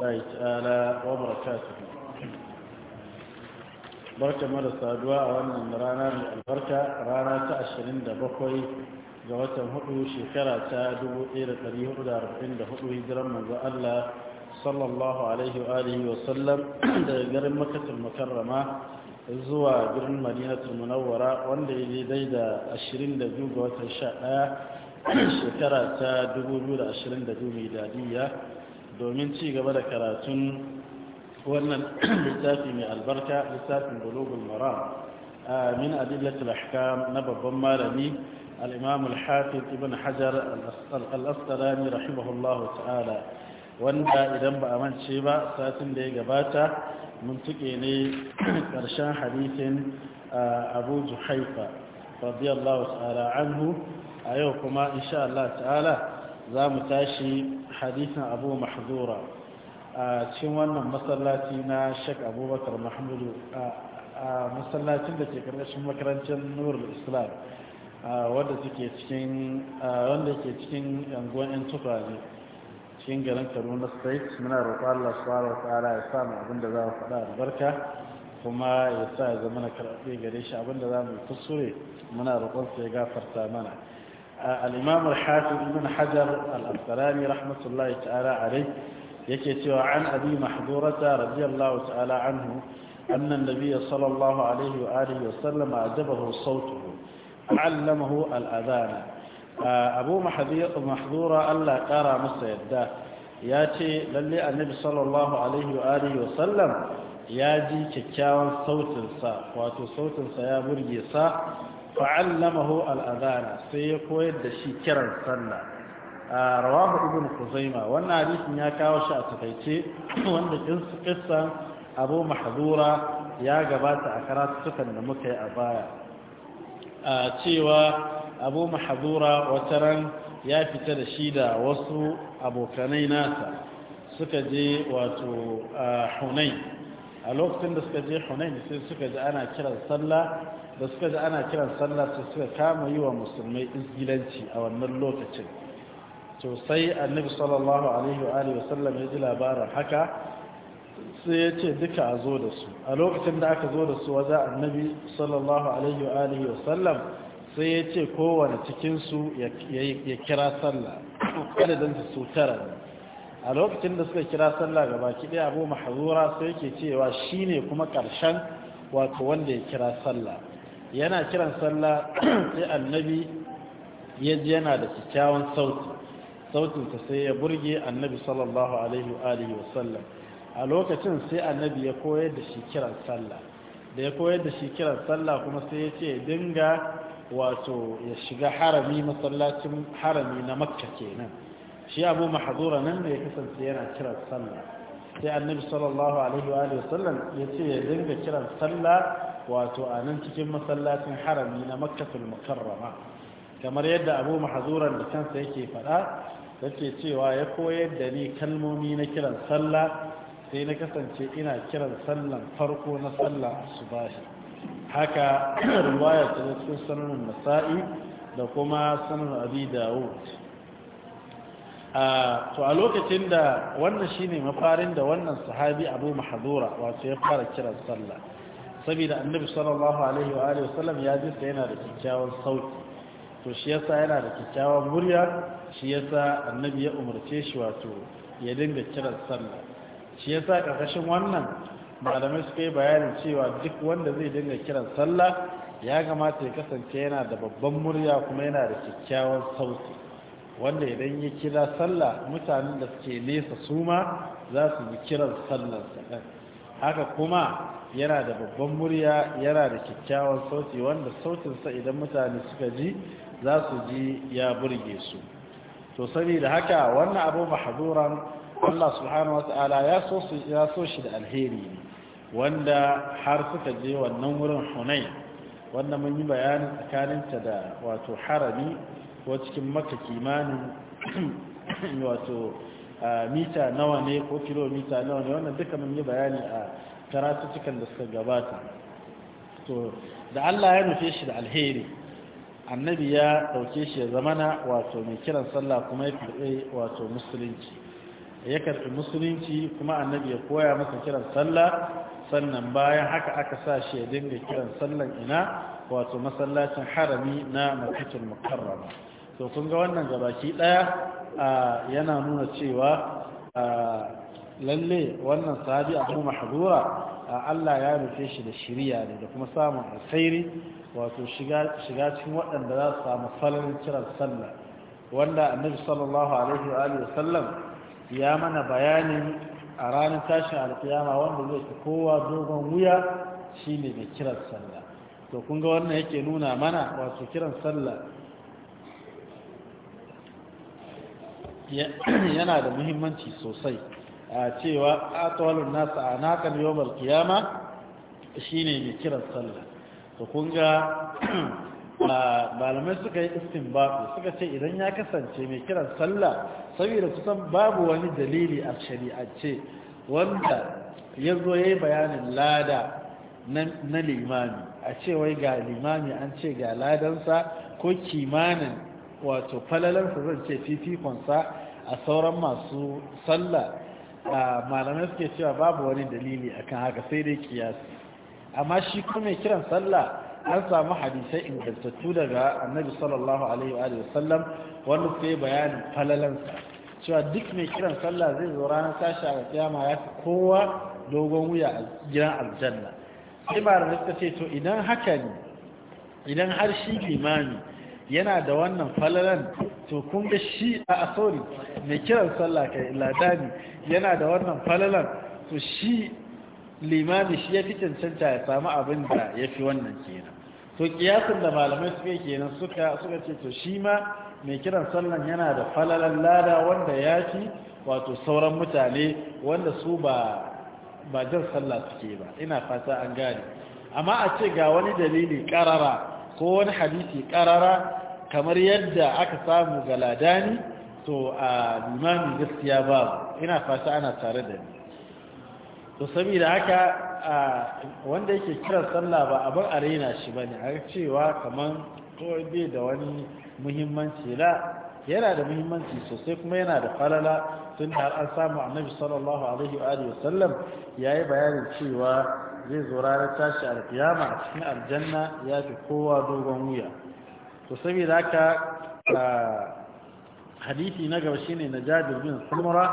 الله تعالى وبركاته بركة مرة سادواء وأن رانا البركة رانا تأشرين دبقوي جوات هدو شكرا تادو إلى قريه أدى ربعين دهدو هجرا من الله صلى الله عليه وآله وسلم دقر مكة المكرمة zuwa birnin madinatul munawwara wanda ya أشرين da 22 شاء شكرا تادو shekara أشرين 2022 miladiya domin ci gaba da karatun wannan littafi mai albarka littafin bulugul maram min adillatul ahkam na babban malami al-imam al-hafiz ibn hajar al-asqalani rahimahullahu ta'ala wanda idan ba a mance ba satin da ya gabata mun tuke ne karshen hadisin abu juhaifa radiyallahu ta'ala anhu a yau kuma insha Allah ta'ala za mu tashi hadisin abu mahzura a cikin wannan masallaci na shek abubakar mahmudu a masallacin da ke karkashin makarantar nurul islam wanda ke cikin wanda ke cikin yanguwan yan tufa ne cikin garin kaduna state muna roƙon allah subhanahu ya sa abinda za mu faɗa albarka kuma ya sa ya zama na karɓe gare shi abinda za mu yi kuskure muna roƙon sai ya gafarta mana الإمام الحافظ بن حجر الأفسراني رحمة الله تعالى عليه يكتب عن أبي محذورة رضي الله تعالى عنه أن النبي صلى الله عليه وآله وسلم أعجبه صوته علمه الأذان أبو محذورة ألا قرى مسيدة ياتي للي النبي صلى الله عليه وآله وسلم ياجي كتاوان صوت الصا واتو صوت الصا يا برجي صا fa'allamahu al'adana sai ya koyar da shi kiran sallah a rawahu ibn kuzaima wannan hadisin ya kawo shi a takaice wanda kissan abu mahzura ya gabata a karatukan da muka yi a baya a cewa abu wata ran ya fita da shi da wasu abokanai nasa suka je wato hunain a lokacin da suka je hunain sai suka ji ana kiran sallah da suka ji ana kiran sallah su suka kama yi wa musulmai izgilanci a wannan lokacin to sai annabi sallallahu alaihi wa alihi wasallam ya ji labarin haka sai ya ce duka a zo da su a lokacin da aka zo da su wajen annabi sallallahu alaihi wa alihi wasallam sai ya ce kowane cikinsu ya kira sallah dan su tara a lokacin da suka kira sallah ga baki ɗaya abu mahzura sai yake cewa shine kuma karshen wato wanda ya kira sallah yana kiran sallah sai annabi ya ji yana da kyakkyawan sauti sautinsa sai ya burge annabi sallallahu alaihi wa alihi a lokacin sai annabi ya koyar da shi kiran sallah da ya koyar da shi kiran sallah kuma sai ya ce dinga wato ya shiga harami masallacin harami na makka kenan shi abu mahazura nan ne ya kasance yana kiran sallah sai annabi sallallahu alaihi wa sallam ya ce ya dinga kiran sallah wato a nan cikin masallacin harami na makkatul mukarrama kamar yadda abu mahazuran da kansa yake faɗa yake cewa ya koyar da ni kalmomi na kiran sallah sai na kasance ina kiran sallan farko na sallah subahi haka ruwaya ta cikin sanarwar Masa'i da kuma sanarwar abi dawud to a lokacin da wannan shine mafarin da wannan sahabi abu mahadura, wato ya fara kiran sallah saboda annabi sallallahu alaihi wa alihi wasallam ya ji sa yana da kyakkyawan sauti to shi yasa yana da kyakkyawan murya shi yasa annabi ya umarce shi wato ya dinga kiran sallah shi yasa karkashin wannan malamai suka yi bayanin cewa duk wanda zai dinga kiran sallah ya kamata ya kasance yana da babban murya kuma yana da kyakkyawan sauti wanda idan ya kira sallah mutanen da suke nesa su ma za su yi kiran sallar haka kuma yana da babban murya yana da kyakkyawan sauti wanda sautinsa idan mutane suka ji za su ji ya burge su to saboda haka wannan abu mahaduran Allah subhanahu wata'ala ya so su ya so shi da alheri wanda har suka je wannan wurin Hunain wanda mun yi bayani tsakaninta da wato harami ko cikin maka kimanin wato mita nawa ne ko kilomita nawa ne wannan duka mun yi bayani a karatuttukan da suka gabata to da Allah ya nufe shi da alheri annabi ya dauke shi ya zamana wato mai kiran sallah kuma ya karbi wato musulunci ya karbi musulunci kuma annabi ya koya masa kiran sallah sannan bayan haka aka sa shi ya dinga kiran sallan ina wato masallacin harami na makitul mukarrama to kun ga wannan gabaki daya yana nuna cewa lalle wannan sahabi abu mahdura Allah ya rufe shi da shiriya ne da kuma samun alkhairi wato shiga cikin waɗanda za su samu falarin kiran sallah wanda annabi sallallahu alaihi wa sallam ya mana bayanin a ranar tashin alkiyama wanda zai ta kowa dogon wuya shine mai kiran sallah to kun ga wannan yake nuna mana wato kiran sallah yana da muhimmanci sosai a cewa atwalun nasa a nakan yawmar kiyama shine mai kiran sallah to kun ga malamai suka yi babu suka ce idan ya kasance mai kiran sallah saboda kusan babu wani dalili a shari'ace wanda ya zo ya yi bayanin lada na limami a ce ga limami an ce ga ladansa ko kimanin wato falalarsa zan ce fifikonsa a sauran masu sallah malamai suke cewa babu wani dalili akan haka sai dai kiyasi amma shi kuma mai kiran sallah an samu hadisai ingantattu daga annabi sallallahu alaihi wa sallam wanda sai bayanin falalansa cewa duk mai kiran sallah zai zo ranar tashi a kiyama ya fi kowa dogon wuya a gidan aljanna sai ba da suka ce to idan haka ne idan har shi limami yana da wannan falalan to kun ga shi a asori mai kiran sallah kai ladani yana da wannan falalan to shi limami shi ya fi cancanta ya samu abin da ya fi wannan kenan to kiyasin da malamai suka kenan suka suka ce to shi ma mai kiran sallan yana da falalan lada wanda ya fi wato sauran mutane wanda su ba ba jan sallah suke ba ina fata an gane amma a ce ga wani dalili karara ko wani hadisi karara kamar yadda aka samu ga ladani to a limamin gaskiya ba, ina fata ana tare da ni to saboda haka wanda yake kiran sallah ba abin raina shi bane a cewa kamar to bai da wani muhimmanci la yana da muhimmanci sosai kuma yana da falala tun da an samu annabi sallallahu alaihi wa alihi wasallam yayi bayanin cewa zai zo ranar tashi alkiyama a cikin aljanna ya fi kowa dogon wuya to saboda haka hadisi na gaba shine na Jabir bin Samura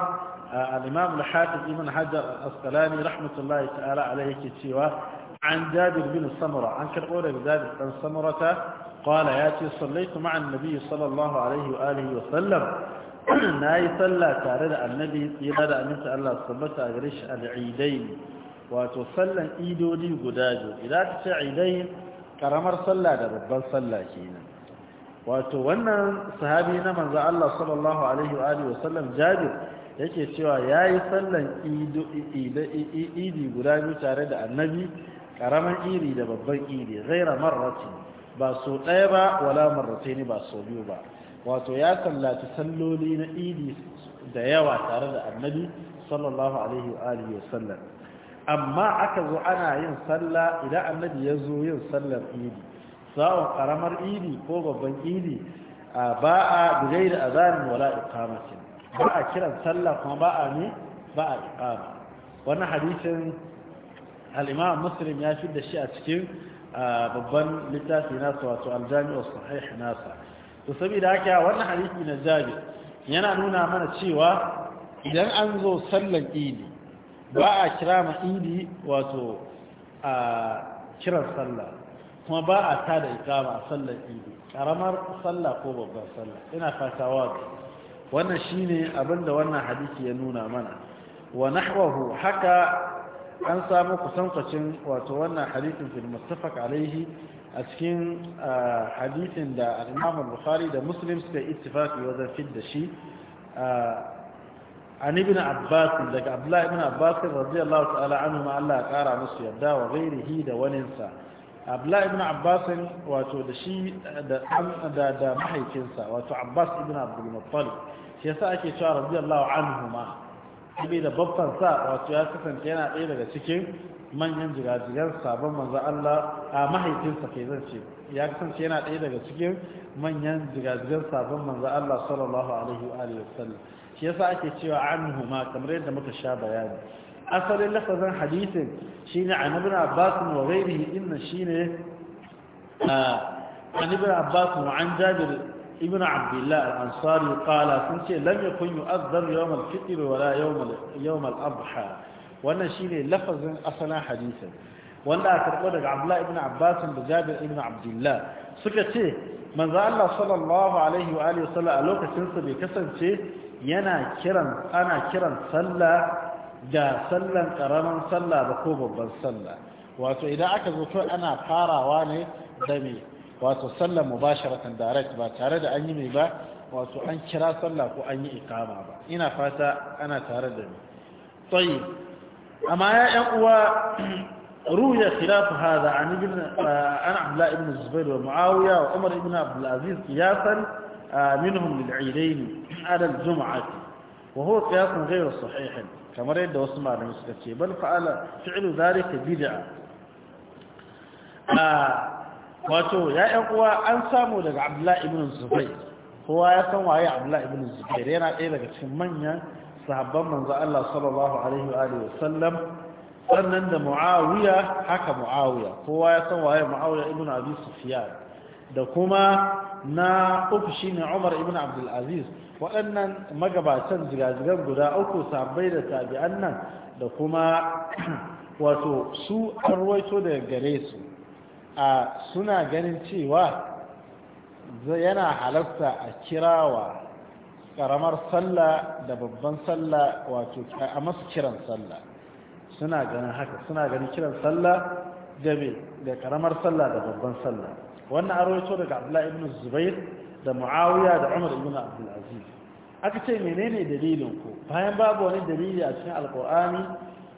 al-Imam al-Hafiz Ibn Hajar al-Asqalani rahmatullahi ta'ala alayhi yake cewa an Jabir bin Samura an karbo daga Jabir dan Samurata qala yati sallaitu ma'a an sallallahu alayhi wa alihi wa sallam nayi sallah tare da annabi tsira da aminta Allah tabbata gare shi al-Eidain wato sallan idodi guda biyu idan ka ce Eidain karamar sallah da babban sallah kenan wato wannan sahabi na manzo Allah sallallahu alaihi wa alihi wasallam Jabir yake cewa yayi sallan idi guda biyu tare da annabi karaman iri da babban iri ghaira marrati ba so ɗaya ba wala marrataini ba so biyu ba wato ya sallaci salloli na idi da yawa tare da annabi sallallahu alaihi wa alihi wasallam amma aka zo ana yin salla idan annabi ya zo yin sallar idi sawon karamar idi ko babban idi ba a bugai da azanin wala iqamatin ba a kiran sallah kuma ba a ne ba a iqama wannan hadisin al muslim ya fi da shi a cikin babban littafi nasa wato al-jami'u sahih nasa to saboda haka wannan hadisi na jabi yana nuna mana cewa idan an zo sallan idi ba a kira ma idi wato a kiran sallah kuma ba a ta da ikama a sallar idi karamar sallah ko babbar sallah ina fata wato wannan shine abinda wannan hadisi ya nuna mana wa nahwahu haka an samu kusankwacin wato wannan hadisin fil muttafaq alaihi a cikin hadisin da al-Imam bukhari da Muslim suka ittifaqi wajen da shi an ibn Abbas daga Abdullah ibn Abbas radiyallahu ta'ala anhu ma Allah ya kara musu yadda wa ghairihi da waninsa Abdullahi ibn abbas wato da shi da mahaifinsa wato abbas ibn muttalib shi yasa ake cewa radiyallahu anhuma sai da babban sa wato ya kasance yana ɗaya daga cikin manyan jigajigar sabon manzo Allah a mahaifinsa kai zan ce ya kasance yana ɗaya daga cikin manyan jigajigar sabon manzo Allah sallallahu alaihi wa alihi wasallam shi yasa ake cewa anhuma kamar yadda muka sha bayani asalin lafazin hadisin shine annabi Abbas wa ghairihi inna shine uh, annabi Abbas wa an Jabir ibn Abdullah al-Ansari qala sun ce lam yakun yu'adhdhar yawm al-fitr wa la yawm al-adha wannan shine lafazin asalin hadisin wanda a karɓo daga abdullahi ibn Abbas da Jabir ibn Abdullah suka ce manzo Allah sallallahu alaihi wa alihi wasallam a lokacin sa bai kasance yana kiran ana kiran sallah da sallan ƙaramin sallah ba ko babban sallah wato idan aka zo to ana farawa ne da me wato sallah mubasharatan direct ba tare da an yi mai ba wato an kira sallah ko an yi ikama ba ina fata ana tare da ni tayyib amma ya yan uwa ruya khilaf hada an an abdullah ibn zubair wa muawiya wa umar ibn abdul aziz qiyasan منهم للعيدين على الجمعه wa huwa qiyasun ghayru sahihin kamar yadda wasu malamai suka ce bal fa'ala fi'lu zalika bid'a ah wato ya uwa an samu daga Abdullahi ibn Zubair kowa ya san waye Abdullahi ibn Zubair yana ɗaya daga cikin manyan sahabban manzo Allah sallallahu alaihi wa alihi sannan da Muawiya haka Muawiya kowa ya san waye Muawiya ibn Abi Sufyan da kuma na shine Umar ibn Abdulaziz waɗannan magabatan zigazigan guda uku sabai da tabi'an nan da kuma wato su an ruwaito da gare su a suna ganin cewa yana halarta a kirawa karamar sallah da babban sallah wato a masu kiran sallah suna ganin haka suna ganin kiran sallah da da karamar sallah da babban sallah wannan arwaito daga abdullahi ibn zubair da muawiya da umar ibn abdul aka ce menene dalilin ku bayan babu wani dalili a cikin alkurani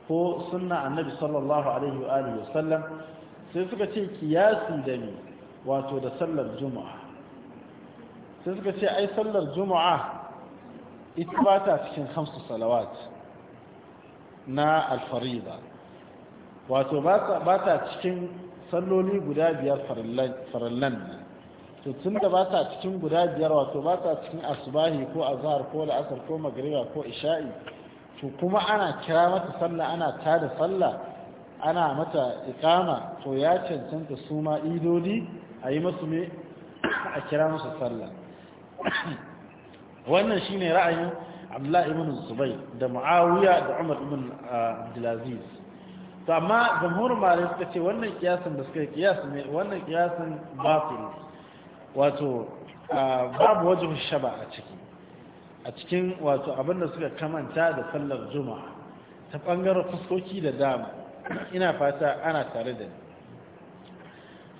ko sunna annabi sallallahu alaihi wa alihi wasallam sai suka ce kiyasi da ni wato da sallar juma'a sai suka ce ai sallar juma'a ita ba ta cikin hamsu salawat na alfarida wato ba ta cikin salloli guda biyar farallan to tun da ba ta cikin guda biyar wato ba ta cikin asubahi ko azhar ko la'asar ko magriba ko isha'i to kuma ana kira mata sallah ana da sallah ana mata iqama to ya cancanta su ma idodi a yi masu ne a kira masa sallah wannan shine ra'ayin abdullahi ibn zubai da muawiya da umar ibn ah, abdulaziz to amma jamhur malamai suka ce wannan kiyasin da suka kiyasi ne wannan kiyasin batil wato babu wajen shaba a ciki a cikin wato abinda suka kamanta da sallar juma'a ta bangaren fuskoki da dama ina fata ana tare da ni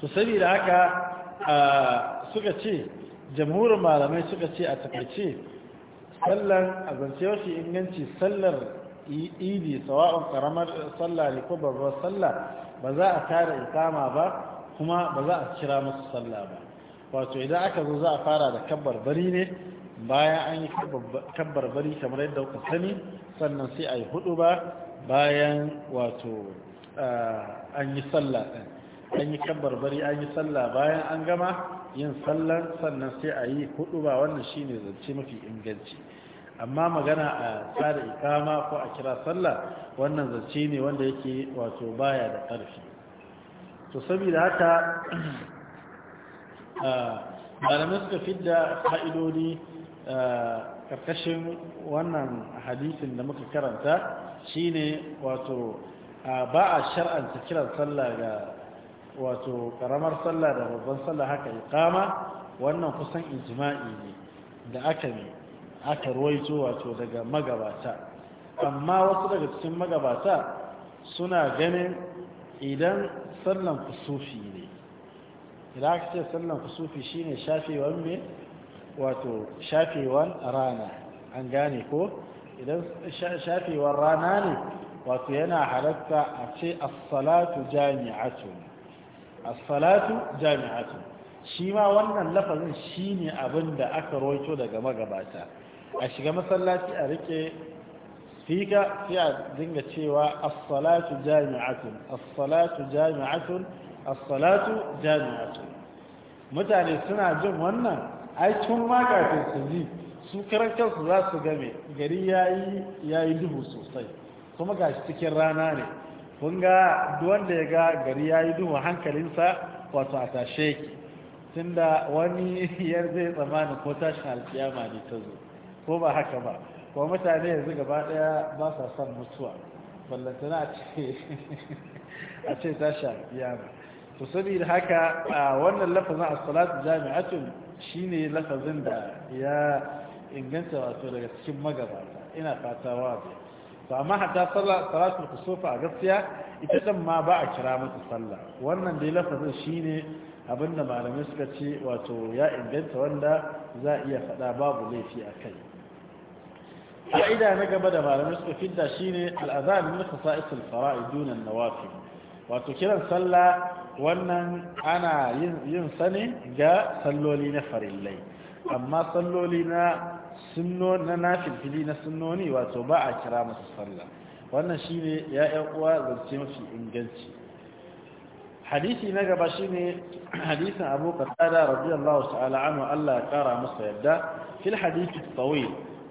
to saboda haka suka ce jamhur malamai suka ce a takaice sallar a shi inganci sallar idi sawa'un karamar sallah ne ko babbar sallah ba za a tara ikama ba kuma ba za a kira musu sallah ba wato idan aka zo za a fara da kabbar bari ne bayan an yi kabbar bari kamar yadda kuka sani sannan sai a yi hudu ba bayan wato an yi sallah ɗin an yi kabbar bari an yi sallah bayan an gama yin sallah sannan sai a yi hudu ba wannan shine zance mafi inganci amma magana a tsara ikama ko a kira sallah wannan zance ne wanda yake wato baya da ƙarfi to saboda haka malamai suka fidda fa'idodi ƙarƙashin wannan hadisin da muka karanta shine wato ba a shar'anta kiran sallah ga wato ƙaramar sallah da babban sallah haka ikama wannan kusan ijima'i ne da aka ne aka ruwaito wato daga magabata amma wasu daga cikin magabata suna ganin idan sallan kusufi ne idan aka ce sallan kusufi shine shafewan me wato shafewan rana an gane ko idan shafewan rana ne wato yana halatta a ce as-salatu jami'atun jami'atu salatu shi ma wannan lafazin shi ne abin da aka roito daga magabata a shiga masallaci a rike fika sai a dinga cewa as jami'atun as jami'atun as jami'atun mutane suna jin wannan ai tun kafin su ji su karan kansu za su game gari yayi yayi duhu sosai kuma gashi cikin rana ne kun ga duwanda ya ga gari yayi duhu hankalinsa wato a tashe ki tunda wani yar zai tsammani ko tashin alkiyama ne ta zo ko ba haka ba ko mutane yanzu gaba daya ba sa son mutuwa ballantana a ce a ce tashin alkiyama to saboda haka wannan lafazin a salatu jami'atun shine lafazin da ya inganta wato daga cikin magabata ina fata wa bai to amma hatta salatul kusufa a gaskiya ita ma ba a kira mata sallah wannan dai lafazin shine abinda malamai suka ce wato ya inganta wanda za a iya faɗa babu laifi a kai fa'ida na gaba da malamai suka fidda shine al'azan min khasa'is al-fara'id duna an-nawafil wato kiran sallah wannan ana yin sani ga salloli na farillai amma salloli na sunno na nafilfili na sunnoni wato ba a kira masu sallah wannan shine ya ƴan uwa zance mafi inganci hadisi na gaba shine hadisin Abu Qatada radiyallahu ta'ala anu Allah ya kara masa yadda fil hadisi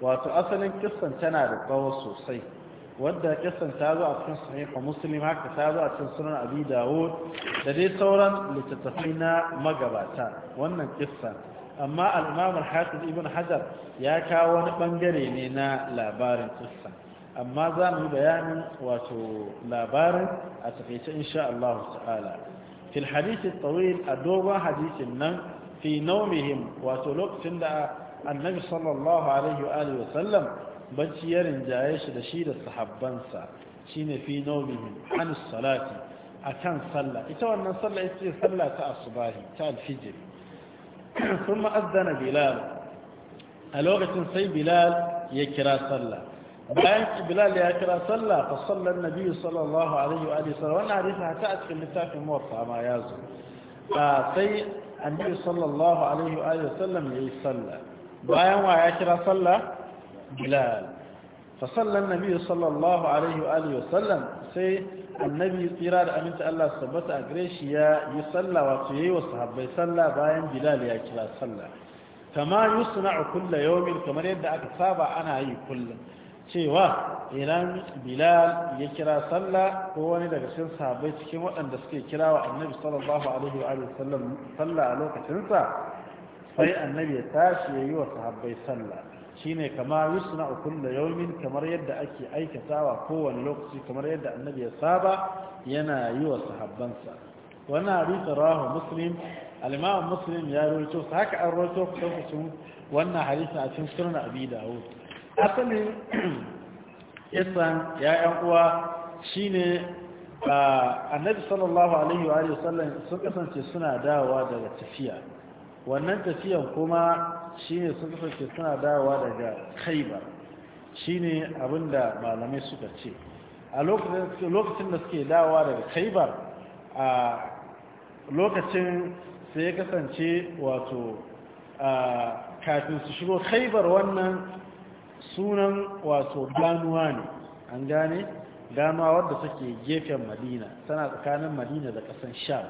wato asalin kissan tana da tsawo sosai wadda kisan ta zo a cikin sahih Muslim haka ta zo a cikin sunan Abi Dawud da dai sauran littattafai na magabata wannan kissan amma al-Imam al-Hafiz Ibn Hajar ya kawo wani bangare ne na labarin kissan amma za mu yi bayanin wato labarin a takaice insha Allah ta'ala fil hadisi tawil a dogon hadisin nan fi naumihim wato lokacin da annabi sallallahu alaihi wa alihi wasallam bacci ya rinjaye shi da shi da sahabbansa shine fi naumihim an salati akan sallah ita wannan sallah ita ce sallah ta asubahi ta alfijir kuma azzana bilal a lokacin sai bilal ya kira sallah بان بلال يا كرا صلى فصلى النبي صلى الله عليه واله وسلم وانا عرفها تاتي في النتاق الموطا ما يازم فطي النبي صلى الله عليه واله وسلم يصلى بان ويا كرا صلى بلال فصلى النبي صلى الله عليه واله وسلم سي النبي قرار ان الله ثبت اغريشيا يصلى وفي وصحبه صلى بان بلال يا كرا صلى كما يصنع كل يوم كما يد اكثر انا اي كل يوم cewa idan bilal ya kira sallah ko wani daga cikin sahabbai cikin waɗanda suke kira wa annabi sallallahu alaihi wa sallam sallah a lokacinsa sai annabi ya tashi ya yi wa sahabbai sallah shine kama yusna kullu yawmin kamar yadda ake aikatawa kowane lokaci kamar yadda annabi ya saba yana yi wa sahabbansa wannan hadisi rawahu muslim al-imam muslim ya rawaito haka an rawaito kusan wannan hadisi a cikin sunan abi dawud asalin isan ya'yan uwa shine annabi sallallahu alaihi wa sallam sun kasance suna dawowa daga tafiya wannan tafiyan kuma shine sun kasance suna dawowa daga khaibar shine abinda malamai suka ce a lokacin da suke dawowa daga khaibar a lokacin sai ya kasance wato kafin su shigo kaibar wannan sunan wato ganuwa ne an gane ganuwa wadda suke gefen madina tana tsakanin madina da kasan sham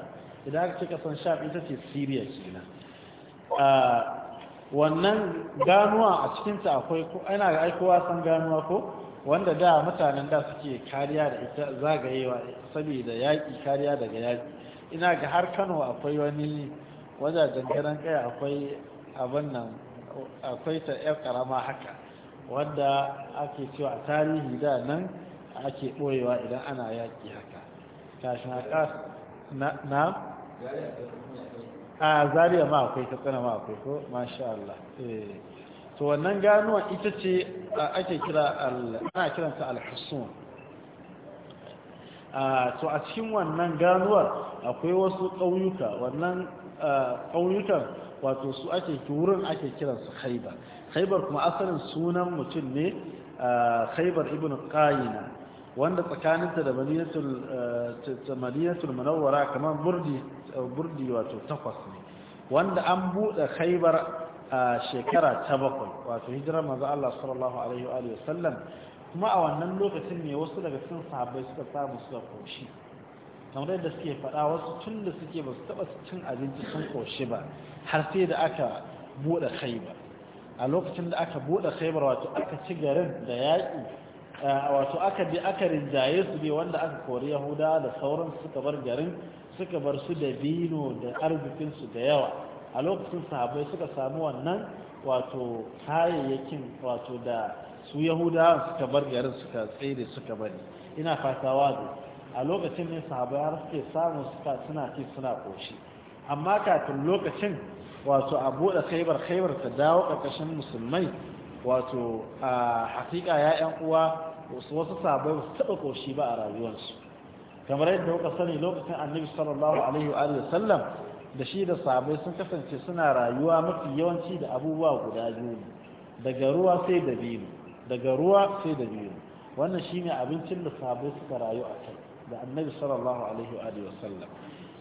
idan aka ce kasan sham ita ce syria a wannan ganuwa a cikinta akwai ko ana ga aikowa san ganuwa ko wanda da mutanen da suke kariya da ita zagayewa saboda yaƙi kariya daga yaƙi ina ga har kano akwai wani wajajen garan kaya akwai abin nan akwai ta yar karama haka wadda ake cewa a tarihi da nan ake ɓoyewa idan ana yaƙi haka kashin haka na a zariya ma akwai katsina ma akwai ko masha Allah eh. to wannan ganuwa ita ce ake kira ana kiranta alhassun to a cikin wannan ganuwar akwai wasu ƙauyuka wannan ƙauyukan wato su ake wurin ake kiransu haiba Khaibar kuma asalin sunan mutum ne Khaibar ibn qayna wanda tsakaninta da madinatul madinatul munawwara kamar burdi burdi wato takwas ne wanda an bude khaibar a shekara ta bakwai wato hijirar manzo Allah sallallahu alaihi wa alihi wasallam kuma a wannan lokacin ne wasu daga cikin sahabbai suka samu suka koshi kamar yadda suke faɗa wasu tun da suke ba su taɓa cin abinci sun koshi ba har sai da aka buɗe khaibar a lokacin da aka buɗe khaybar wato aka ci garin da yaƙi wato aka bi aka rinjaye su ne wanda aka kori yahuda da sauran suka bar garin suka bar su da bino da arzikinsu da yawa a lokacin sahabbai suka samu wannan wato kayayyakin wato da su yahuda suka bar garin suka tsere suka bari ina fata wazo a lokacin ne sahabai har suke samu suka suna ci suna koshi amma kafin lokacin wato a buɗe khaibar khaibar ta dawo ƙarƙashin musulmai wato a hakika ya yan uwa wasu sabai ba su taɓa ƙoshi ba a rayuwarsu kamar yadda kuka sani lokacin annabi sallallahu alaihi wa sallam da shi da sabai sun kasance suna rayuwa mafi yawanci da abubuwa guda biyu daga ruwa sai da biyu daga ruwa sai da biyu wannan shine abincin da sabai suka rayu a kai da annabi sallallahu alaihi wa sallam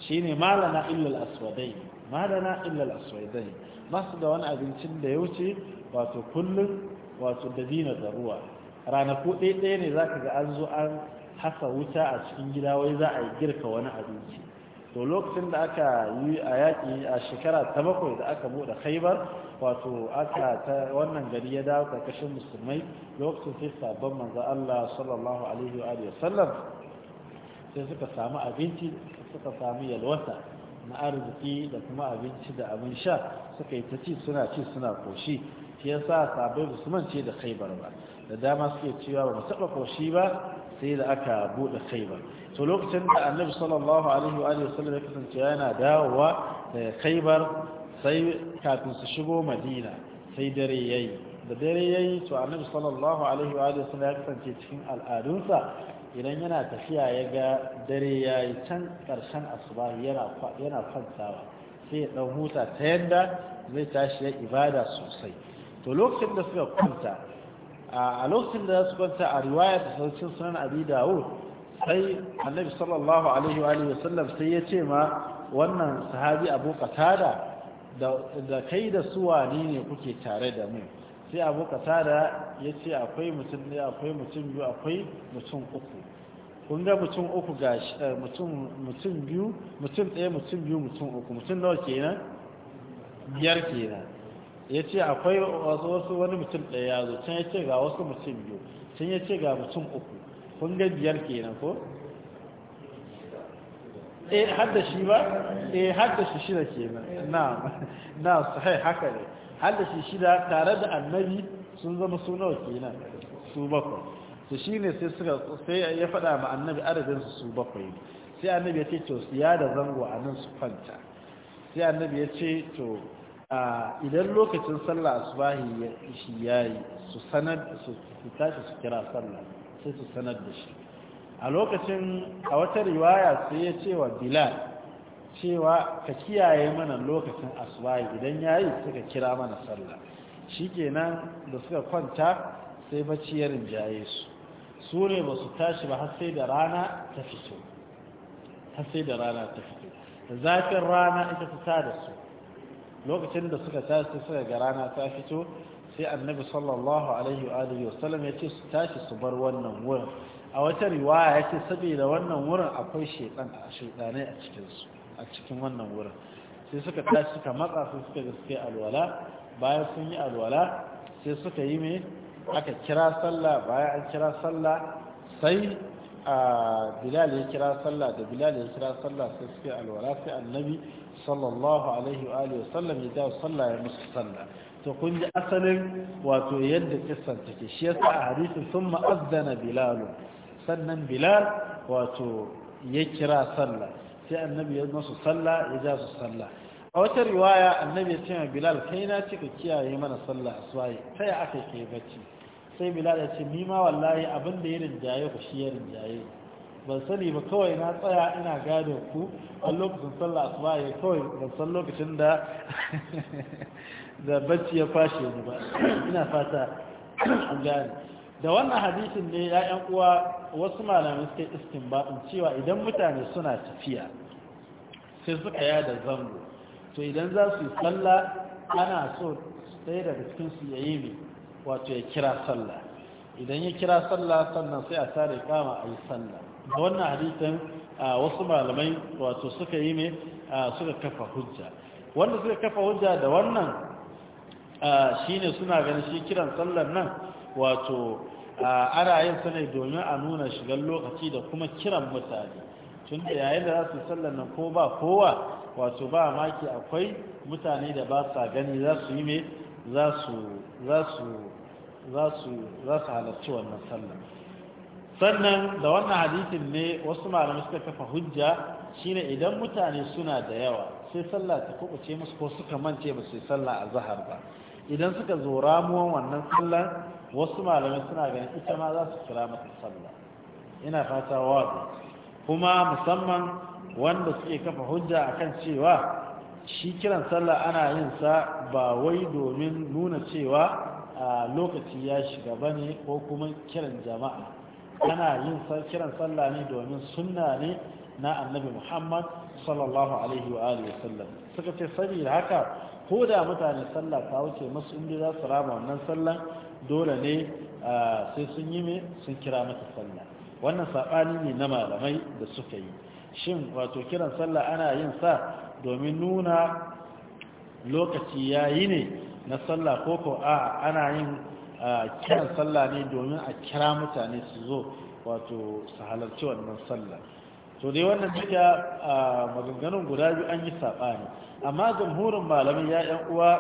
shine malana illal aswadain ma lana illa al-aswaidain ba su da wani abincin da ya wuce wato kullum wato dabino da ruwa ranaku ɗaya ne zaka ga an zo an haka wuta a cikin gida wai za a yi girka wani abinci to lokacin da aka yi a yaƙi a shekara ta bakwai da aka buɗe khaibar wato aka ta wannan gari ya dawo ƙarƙashin musulmai lokacin sai sabon manzo Allah sallallahu alaihi wa sallam sai suka samu abinci suka samu yalwata na arziki da kuma abinci da abin sha suka yi ta ci suna ci suna koshi shi yasa sabai musulman ce da khaibar ba da dama suke cewa ba mu taɓa koshi ba sai da aka buɗe khaibar to lokacin da annabi sallallahu alaihi wa sallam ya kasance yana dawowa da khaibar sai kafin su shigo madina sai dare yayi da dare yayi to annabi sallallahu alaihi wa sallam ya kasance cikin al'adunsa idan yana tafiya ya ga dare ya yi can ƙarshen asuba yana kwantawa sai ya ɗan huta ta yadda zai tashi ya ibada sosai to lokacin da suka kwanta a lokacin da su kwanta a riwayar da saukin sunan abi dawo sai annabi sallallahu alaihi wa sallam sai ya ce ma wannan sahabi abu qatada da kai da su wani ne kuke tare da mu sai abu da. ya ce akwai mutum ne akwai mutum biyu akwai mutum uku kunga mutum uku ga eh, mutum biyu mutum ɗaya mutum biyu mutum uku mutum nawa kenan biyar kenan ya ce akwai wasu wani mutum ɗaya ya zo can ya ce ga wasu mutum biyu can ya ce ga mutum uku kun ga biyar kenan ko eh, har da shi ba eh, har da shi shida kenan na na sahai haka ne da shi shida tare da annabi sun zama sunawa kenan su bakwai to shine sai suka sai ya faɗa ma annabi adadin su bakwai sai annabi ya ce to siya da zango a nan su kwanta sai annabi ya ce to idan lokacin sallah asubahi shi yi, su sanar su tashi su kira sallah sai su sanar da shi a lokacin a wata riwaya sai ya ce wa bilal cewa ka kiyaye mana lokacin asuwa idan yayi suka kira mana sallah shi shikenan da suka kwanta sai bacci ya rinjaye su su ne ba su tashi ba har sai da rana ta fito har sai da rana ta fito da zafin rana ita ta da su lokacin da suka tashi suka ga rana ta fito sai annabi sallallahu alaihi wa alihi sallam ya ce su tashi su bar wannan wurin a wata riwaya ya ce saboda wannan wurin akwai shedan a shedanai a cikin su a cikin wannan wurin sai suka tashi suka matsa su suka gaske alwala bayan sun yi alwala sai suka yi mai aka kira sallah bayan an kira sallah sai a bilal ya kira sallah da bilal ya kira sallah sai suka alwala sai annabi sallallahu alaihi wa alihi wasallam ya dawo sallah ya musu sallah to kun ji asalin wato yadda kissan take shi yasa a hadisin sun ma'azzana bilal sannan bilal wato ya kira sallah sai annabi ya masu sallah ya ja su sallah a wata riwaya annabi ya ce ma bilal kai na cika kiyaye mana sallah suwaye ta ya aka ke bacci sai bilal ya ce ni ma wallahi abin da ya rinjaye ku shi ya rinjaye ban sani ba kawai na tsaya ina gado ku a lokacin sallah suwaye kawai ban san lokacin da da bacci ya fashe ni ba ina fata an gane da wannan hadisin ne ya'yan uwa wasu malamai suka yi istinbaɗin cewa idan mutane suna tafiya sai suka yada zango to idan za su yi sallah ana so ɗaya da cikin su yayi ne wato ya kira sallah idan ya kira sallah sannan sai a tare kama a yi sallah da wannan hadisin wasu malamai wato suka yi ne suka kafa hujja wanda suka kafa hujja da wannan shine suna ganin shi kiran sallar nan wato ana yin sa ne domin a nuna shigar lokaci da kuma kiran mutane tun da yayin da za su sallar nan ko ba kowa wato ba maki akwai mutane da ba sa gani za su yi mai za su halarci wannan sallah? sannan da wannan hadithin ne wasu malamai suka kafa hujja shine idan mutane suna da yawa sai sallah ta kubuce musu ko suka mance ba sai sallah a zahar ba idan suka zo ramuwan wannan sallar wasu malamai suna ganin ita ma za su kira mata sallah ina fata wa kuma musamman wanda suke kafa hujja akan cewa shi kiran sallah ana yin sa ba wai domin nuna cewa lokaci ya shiga bane ko kuma kiran jama'a ana yin kiran sallah ne domin sunna ne na annabi Muhammad sallallahu alaihi wa alihi suka ce saboda haka ko da mutane sallah ta wuce masu inda za su rama wannan sallan dole ne sai sun yi me sun kira mata sallah wannan sabani ne na malamai da suka yi shin wato kiran sallah ana yin sa domin nuna lokaci yayi ne na sallah ko ko a ana yin kiran sallah ne domin a kira mutane su zo wato su halarci wannan sallah to dai wannan duka maganganun guda biyu an yi saɓani amma jamhurin malamin ya yan uwa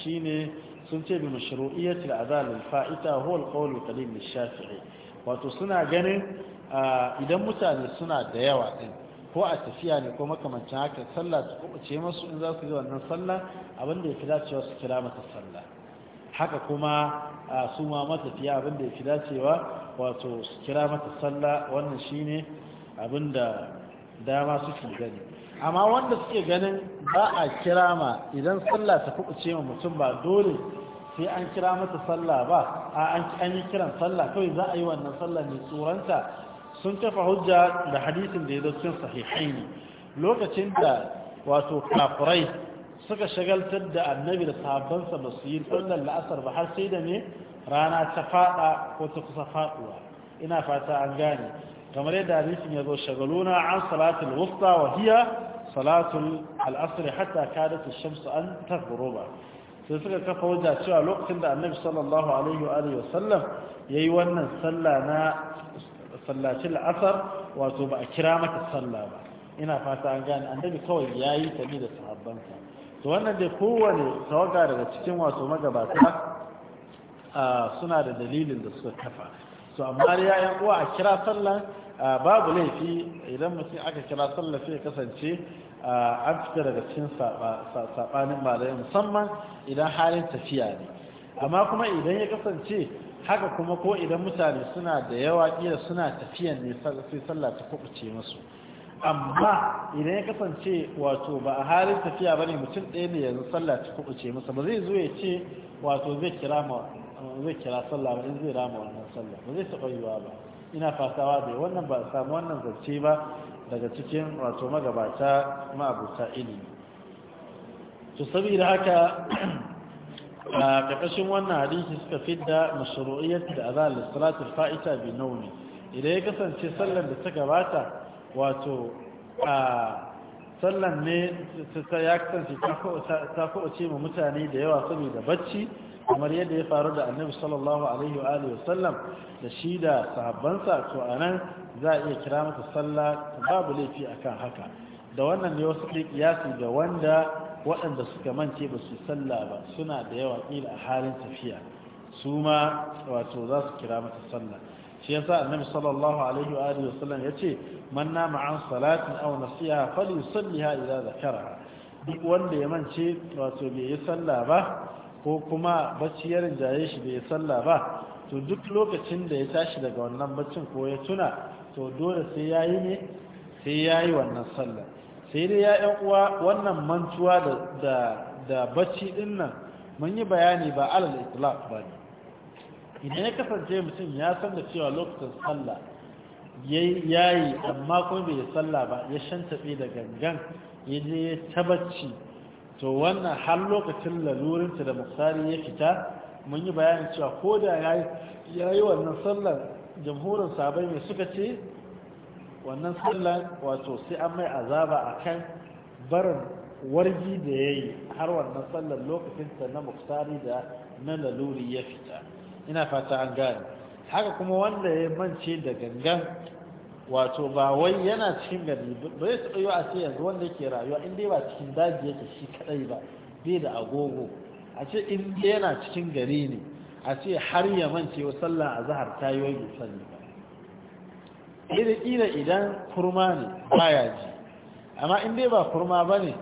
shine sun ce bi mashru'iyyati al-adhan lil fa'ita huwa al qadim shafi'i wato suna ganin idan mutane suna da yawa din ko a tafiya ne ko makamancin haka sallah su kubuce masu in za su yi wannan sallah abin ya fi dacewa su kira mata sallah haka kuma su ma matafiya abin da ya fi dacewa wato su kira mata sallah wannan shine abin da dama suke gani amma wanda suke ganin ba a kira ma idan sallah ta kubuce ma mutum ba dole sai an kira mata sallah ba a an yi kiran sallah kawai za a yi wannan sallah mai tsoranta sun tafa hujja da hadisin da ya zo cikin sahihaini lokacin da wato kafirai suka shagaltar da annabi da sahabbansa ba su yi sallar la'asar ba har sai da ne rana ta fada ko ta kusa faduwa ina fata an gane kamar yadda hadisin ya zo shagaluna an salatul wusta wa hiya salatul al'asr hatta kadat ash-shams an taghruba sai suka kafa hujja cewa lokacin da annabi sallallahu alaihi wa alihi wasallam yayi wannan sallah na sallaci la'asar wato ba a kira mata sallah ba ina fata an gane annabi kawai ya yi ta da sahabbanka. to wannan dai kowane tawaga daga cikin wato magabata suna da dalilin da suka kafa To amma ya yan uwa a kira sallah babu laifi idan mutum aka kira sallah sai kasance an fita daga cikin saɓanin malamai musamman idan halin tafiya ne amma kuma idan ya kasance haka kuma ko idan mutane suna da yawa iya suna tafiyan ne sai sallah ta kubuce musu amma idan ya kasance wato ba a halin tafiya bane mutum ɗaya ne yanzu sallah ta kubuce masa ba zai zo ya ce wato zai kira ma zai kira sallah ba zai rama wannan sallah ba zai taɓa yiwa ba ina fatawa da wannan ba samu wannan zance ba daga cikin wato magabata ma'abuta ilimi to saboda haka a wannan hadisi suka fidda mashru'iyyar da azal salatul fa'ita bi nawmi idan ya kasance sallar da ta gabata wato a sallar ne ta ya kasance ta kowace ma mutane da yawa saboda bacci kamar yadda ya faru da annabi sallallahu alaihi wa da shi da sahabbansa to a nan za a iya kira mata sallah babu laifi akan haka da wannan ne wasu kiyasi ga wanda waɗanda suka mance ba su sallah ba suna da yawa ƙila a halin tafiya su ma wato za su kira mata salla shi yasa annabi sallallahu alaihi wa alihi wasallam yace man nama an salatin aw nasiha falyusalliha idza zakaraha duk wanda ya mance wato bai yi sallah ba ko kuma bacci ya rinjaye shi bai yi salla ba to duk lokacin da ya tashi daga wannan baccin ko ya tuna to dole sai yayi ne sai yayi wannan sallah sai dai ya uwa wannan mantuwa da bacci din nan mun yi bayani ba alal islam ba ne idan ya kasance mutum ya san da cewa lokacin sallah yayi yayi amma kuma bai sallah ba ya shan taɓe da gangan ya je ya tabbaci to wannan har lokacin lalurinta da misali ya fita mun yi bayanin cewa ko da ya yi wannan sallar jamhurin sabai mai suka ce wannan sallan wato sai an mai azaba a kan barin wargi da ya yi har wannan sallan lokacinsa na muktari da na laluri ya fita ina fata an gane haka kuma wanda ya mance da gangan wato ba wai yana cikin gari ba ya taɓa yi a ce yanzu wanda yake rayuwa in dai ba cikin daji yake shi kadai ba bai da agogo a ce in yana cikin gari ne a ce har ya mance wa sallan a zahar ta yi wa sani ba da ƙila idan kurma ne baya ji amma in dai ba kurma ba ne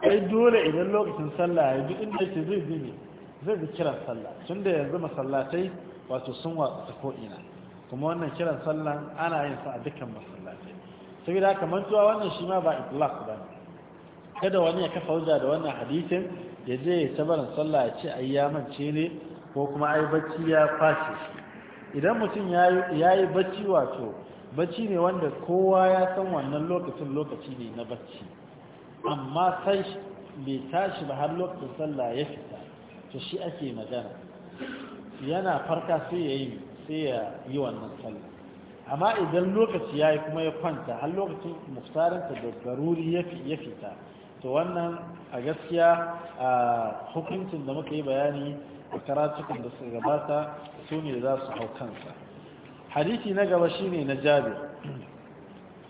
sai dole idan lokacin sallah ya bi inda ke zai bi ne zai bi kiran sallah tun da yanzu masallatai wato sun watsa ko'ina kuma wannan kiran sallah ana yin sa a dukkan masallatai saboda haka mantuwa wannan shi ma ba itlaq ba ne kada wani ya kafa hujja da wannan hadisin ya je ya barin sallah ya ce ai ya mance ne ko kuma ai bacci ya fashe shi idan mutum ya yi bacci wato bacci ne wanda kowa ya san wannan lokacin lokaci ne na bacci amma sai bai tashi ba har lokacin sallah ya fita to shi ake magana yana farka sai ya yi sai ya yi wannan sallah amma idan lokaci ya yi kuma ya kwanta har lokacin muftarinta da garuri ya fita to wannan a gaskiya a hukuncin da muka yi bayani a karatukan da suka gabata su ne za su hau kansa hadisi na gaba shi ne na jabi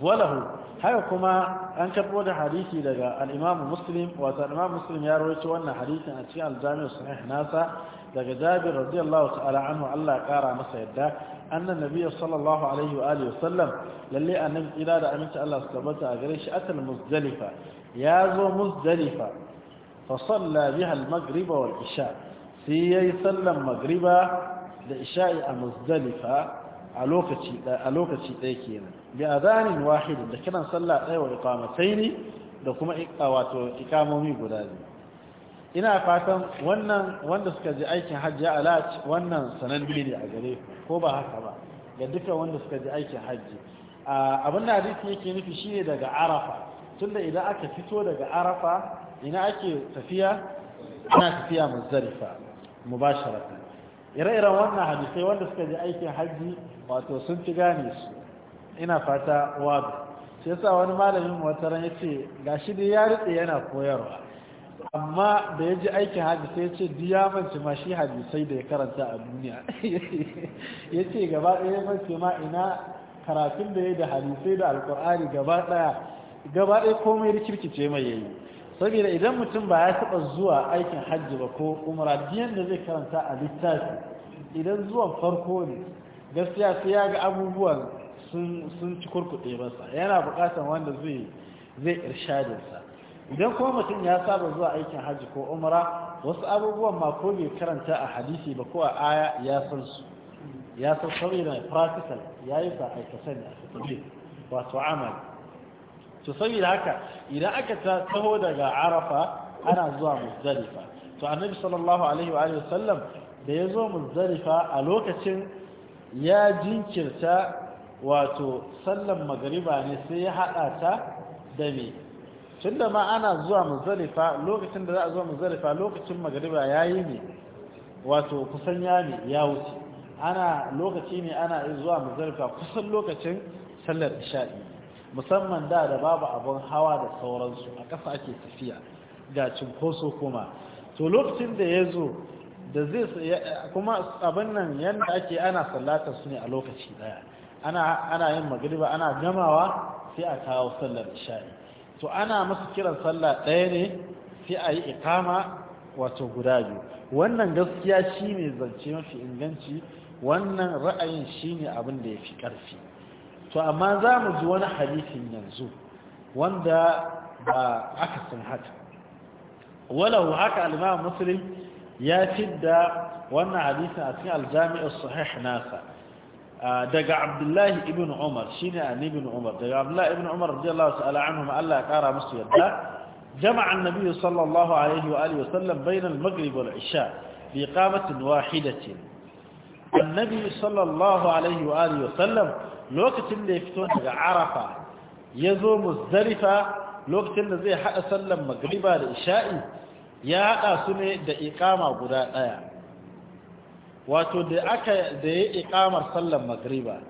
walahu haka kuma an karbo da hadisi daga al-imamu muslim wato al muslim ya rawaito wannan hadisin a cikin al-jami' sahih nasa daga jabir radiyallahu ta'ala anhu Allah ya kara masa yadda annan nabiyyu sallallahu alaihi wa alihi wasallam lalle annabi ila da aminci Allah su tabbata a gare shi atal muzdalifa ya zo muzdalifa fa salla biha al-maghriba wal isha sai yayi sallan maghriba da isha'i a muzdalifa a lokaci ɗaya kenan bi azanin wahid da kiran sallah ɗaya wa ni da kuma wato ikamomi guda biyu ina fatan wannan wanda suka ji aikin hajji a lati wannan sananne ne a gare ko ba haka ba ga dukkan wanda suka ji aikin hajji abin da hadisi yake nufi shine daga arafa tunda idan aka fito daga arafa ina ake tafiya ana tafiya muzdalifa mubasharatan ire-iren wannan hadisai wanda suka ji aikin hajji wato sun ci gane su ina fata wadu sai sa wani malamin wataran ya ce ga shi da ya riƙe yana koyarwa amma da ya ji aikin hadisai ce diyamanci ma shi hadisai da ya karanta a duniya ya ce gaba ɗaya mace ma ina karatun da ya da hadisai da alkur'ani gaba ɗaya gaba ɗaya komai rikirkice mai yayi saboda idan mutum ba ya taɓa zuwa aikin hajji ba ko umra diyan da zai karanta a littafi idan zuwan farko ne gaskiya sai ya ga abubuwan sun ci kurkuɗe masa yana buƙatar wanda zai irshadinsa idan kuma mutum ya saba zuwa aikin hajji ko umara wasu abubuwan ma ko bai karanta a hadisi ba ko a aya ya san su ya san saboda practical ya yi sa aikata ne a fitabe wato amal to saboda haka idan aka taho daga arafa ana zuwa muzdalifa to annabi sallallahu alaihi wa sallam da ya zo muzdalifa a lokacin ya jinkirta wato sallan magariba ne sai ya haɗa ta da me tun ma ana zuwa muzalifa lokacin da za a zuwa muzalifa lokacin magariba ya ne wato kusan ya ne ya wuce ana lokaci ne ana zuwa muzalifa kusan lokacin sallar isha musamman da da babu abun hawa da sauransu a ƙasa ake tafiya ga cinkoso kuma to lokacin da ya zo da zai kuma abin nan yadda ake ana sallatar su ne a lokaci daya ana yin magariba ana gamawa sai a kawo sallar isha'i to ana masu kiran sallah ɗaya ne sai a yi ikama wato guda biyu wannan gaskiya shi ne zance mafi inganci wannan ra'ayin shi ne abin da ya fi ƙarfi to amma za mu ji wani hadisin yanzu wanda ba aka sun haka walau haka alimawa musulun ya fidda wannan hadisin a cikin aljami'ar sahih nasa daga abdullahi ibn umar shine ali ibn umar daga abdullahi ibn umar radiyallahu ta'ala anhu Allah ya kara musu yadda جمع النبي صلى الله عليه وآله وسلم بين المغرب والعشاء بإقامة واحدة النبي صلى الله عليه وآله وسلم لوقت اللي يفتون عرفة يزوم الزرفة لوقت اللي زي حق سلم مغربة لإشائي ya haɗa su ne da iƙama guda ɗaya wato da aka da ya iƙamar sallar magriba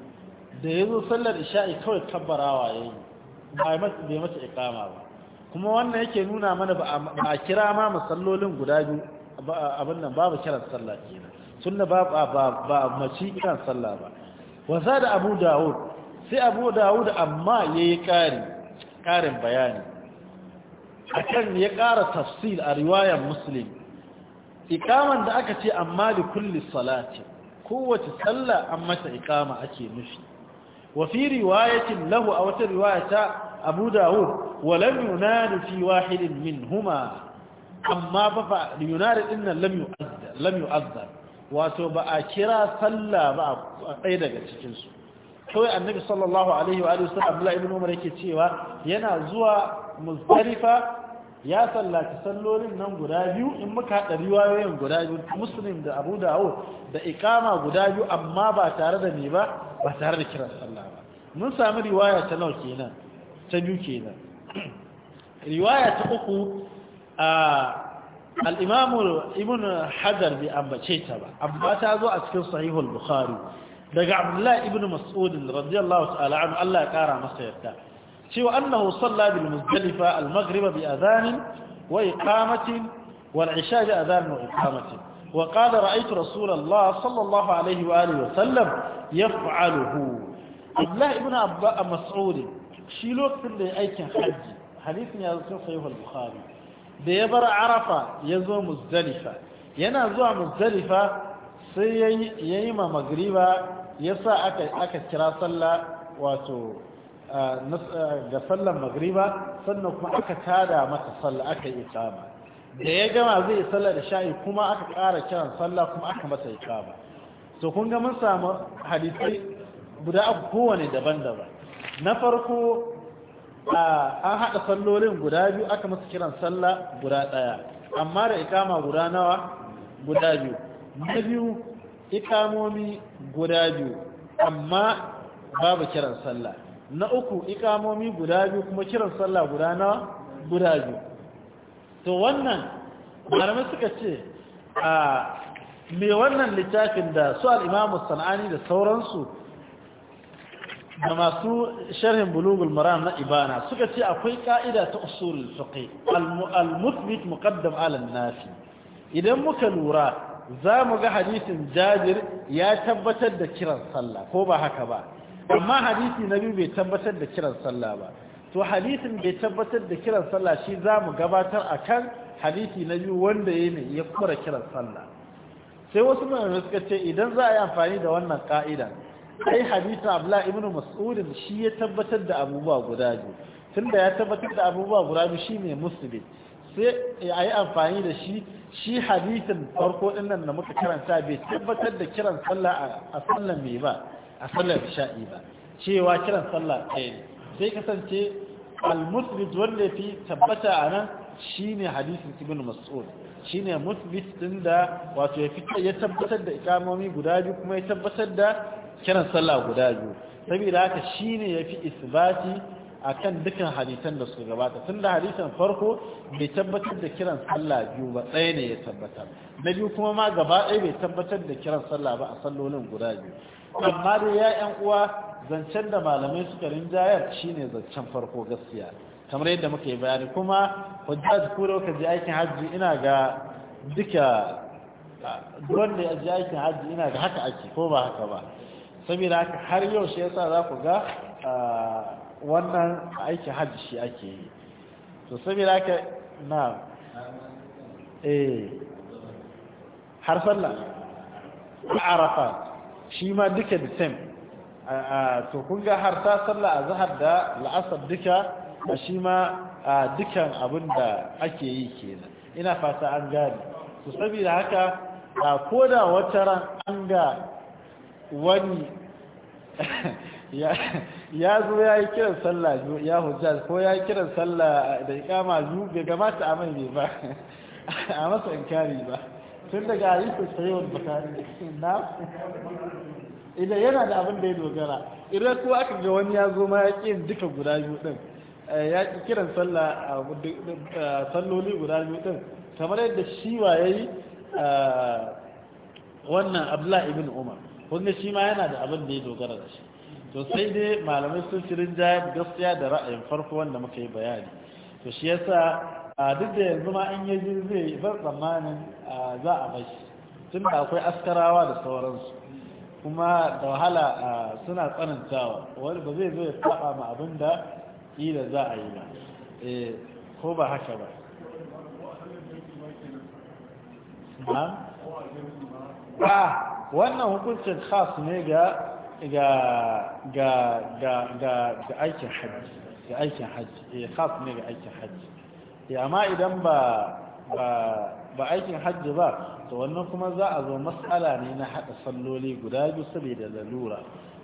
da ya zo sallar isha'i kawai tabbarawa ya yi bai mata iƙama ba kuma wannan yake nuna mana ba a kira ma matsalolin guda biyu abin nan babu kiran sallah kenan sun ba ba ba mace kiran sallah ba wasa da abu dawud sai abu dawud amma ya yi ƙarin bayani akan ya ƙara tafsil a riwayar muslim ikaman da aka ce amma da kulli salati kowace sallah an mata ikama ake nufi Wafi fi lahu a wata riwayata abu dawud wa lam yunadu fi wahidin minhuma amma ba fa yunadu din nan lam wato ba a kira sallah ba a tsaye daga cikinsu. su kawai annabi sallallahu alaihi wa sallam Abdullah ibn Umar yake cewa yana zuwa muzdalifa ya sallaci sallolin nan guda biyu in muka haɗa riwayoyin guda biyu muslim da abu da awo da ikama guda biyu amma ba tare da ni ba ba tare da kiran sallah ba mun sami riwaya ta nawa kenan ta biyu kenan riwaya ta uku a al'imamu ibn hajar bai ambace ta ba amma ta zo a cikin sahihul bukhari daga abdullahi ibn mas'udin radiyallahu ta'ala an Allah ya kara masa yadda. cewa annahu salla bil muzdalifa al maghrib bi adhan wa iqamati wal isha bi adhan wa iqamati wa qala ra'aytu rasulullah sallallahu alayhi wa alihi wa sallam yaf'aluhu Abdullah ibn Abba Mas'ud shi lokacin da ya aikin haji hadisin ya zo sahih al-Bukhari da ya bar Arafa ya zo Muzdalifa yana zuwa Muzdalifa sai yayi yayi ma magriba yasa aka aka kira sallah wato Eh, ga sallar magriba sannan kuma aka tada masa sallah aka yi ikama da ya gama zai yi sallar da sha'i kuma aka ƙara kiran sallah kuma aka masa ikama to kun ga mun samu hadisai guda abu kowane daban-daban na farko an haɗa sallolin guda biyu aka masa kiran sallah guda ɗaya amma da ikama guda nawa guda biyu na biyu ikamomi guda biyu amma babu kiran sallah na uku ikamomi guda biyu kuma kiran sallah guda na guda biyu to wannan malamai suka ce a me wannan littafin da su al'imamu sana'ani da sauransu da masu sharhin bulugul maram na ibana suka ce akwai ka'ida ta usul fiqh al-muthbit muqaddam ala nafi idan muka lura za mu ga hadisin jabir ya tabbatar da kiran sallah ko ba haka ba amma hadisi na biyu bai tabbatar da kiran sallah ba to hadisin bai tabbatar da kiran sallah shi za mu gabatar a kan hadisi na biyu wanda ya ne ya kura kiran sallah sai wasu mai suka ce idan za a yi amfani da wannan ka'ida ai hadisi abla ibn mas'udin shi ya tabbatar da abubuwa guda biyu tunda ya tabbatar da abubuwa guda biyu shi ne musulmi sai a yi amfani da shi shi hadisin farko dinnan da muka karanta bai tabbatar da kiran sallah a sallan mai ba a sallar sha'i ba cewa kiran sallah ɗaya ne sai kasance al-musbit wanda fi tabbata a nan shine hadisin ibn mas'ud shine musbit ɗin da wato ya tabbatar da ikamomi guda biyu kuma ya tabbatar da kiran sallah guda biyu saboda haka shi ne ya fi isbati a kan dukkan hadisan da suka gabata tun da hadisan farko bai tabbatar da kiran sallah biyu ba ɗaya ne ya tabbatar na biyu kuma ma gaba ɗaya bai tabbatar da kiran sallah ba a sallolin guda biyu amma dai ya yan uwa zancen da malamai suka rinjayar shine zancen farko gaskiya kamar yadda muka yi bayani kuma hujjaj kuro ka je aikin hajji ina ga duka da ya je aikin hajji ina ga haka ake ko ba haka ba saboda haka har yau shi yasa za ku ga wannan aikin hajji shi ake yi to saboda haka na eh har sallah arafa shi ma duka da same to kun ga har ta sallah a zahar da la'asar duka a shi ma dukan abin da ake yi kenan ina fata an gani to saboda haka ko da wata ran an ga wani ya zo ya yi kiran sallah ya hujjar ko ya yi kiran sallah da ikama biyu bai gamata a mai ba a masa inkari ba tun daga hadisin wani bukhari na idan yana da abin da ya dogara idan ko aka ga wani ya zo ma ya ƙi duka guda biyu din eh, ya ƙi kiran sallah a salloli guda biyu din kamar yadda shi wa ya yi wannan abdullahi ibn umar wanda shi ma yana da abin da ya dogara da shi to sai dai malamai sun shirin jayar gaskiya da ra'ayin farko wanda muka yi bayani to shi yasa a duk da yanzu ma in yaji zai bar tsammanin za a bashi tun da akwai askarawa da sauransu kuma da wahala suna tsanantawa wani ba zai zo ya faɗa ma abin da ila za a yi ba eh, ko ba haka ba ba wannan hukuncin khas ne ga ga aikin hajji eh, khas ne ga aikin hajji amma idan ba ba aikin hajji ba to wannan kuma za a zo matsala ne na hada salloli guda biyu saboda lalura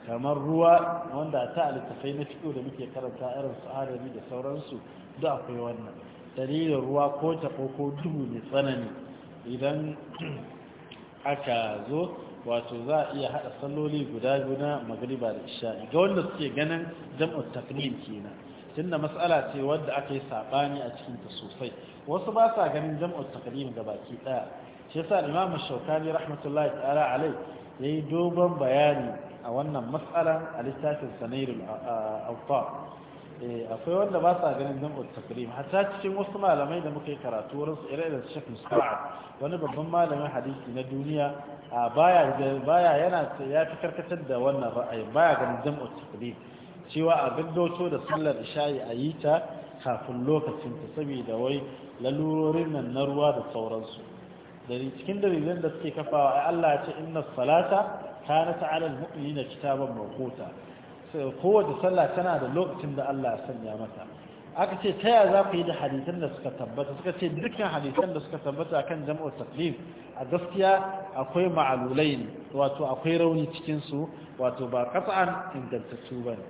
kamar ruwa wanda ta alittafai na fito da muke karanta irin su adami da sauransu da akwai wannan dalilin ruwa ko ta ko duhu ne tsanani idan aka zo wato za a iya hada salloli guda biyu na magariba da isha ga wanda suke ganin jam'ar taklim kenan tunda mas'ala ce wadda aka yi saɓani a cikin ta sosai wasu ba sa ganin jam'u taqdim ga baki daya shi yasa Imam shaukani rahmatullahi ta'ala alai yayi dogon bayani a wannan mas'ala a littafin Sanairul Awtar eh, akwai wanda ba sa ganin dan takrim hatta cikin wasu malamai da muka yi karatu wurin su irin da Sheikh wani babban malamin hadisi na duniya baya baya yana ya fi karkatar da wannan ra'ayin baya ganin dan takrim cewa a gaggauto da sallar isha'i a yi ta kafin lokacin ta saboda wai lalurorin nan na ruwa da sauransu da cikin dalilan da suke kafawa ai Allah ya ce inna salata kanat ala almu'minina kitaban mawquta kowace sallah tana da lokacin da Allah ya sanya mata aka ce ta ya za ku yi da hadisan da suka tabbata suka ce dukkan hadisan da suka tabbata kan jam'ar taklif a gaskiya akwai ma'alulai ne wato akwai rauni cikinsu wato ba kasa'an ingantattu ba ne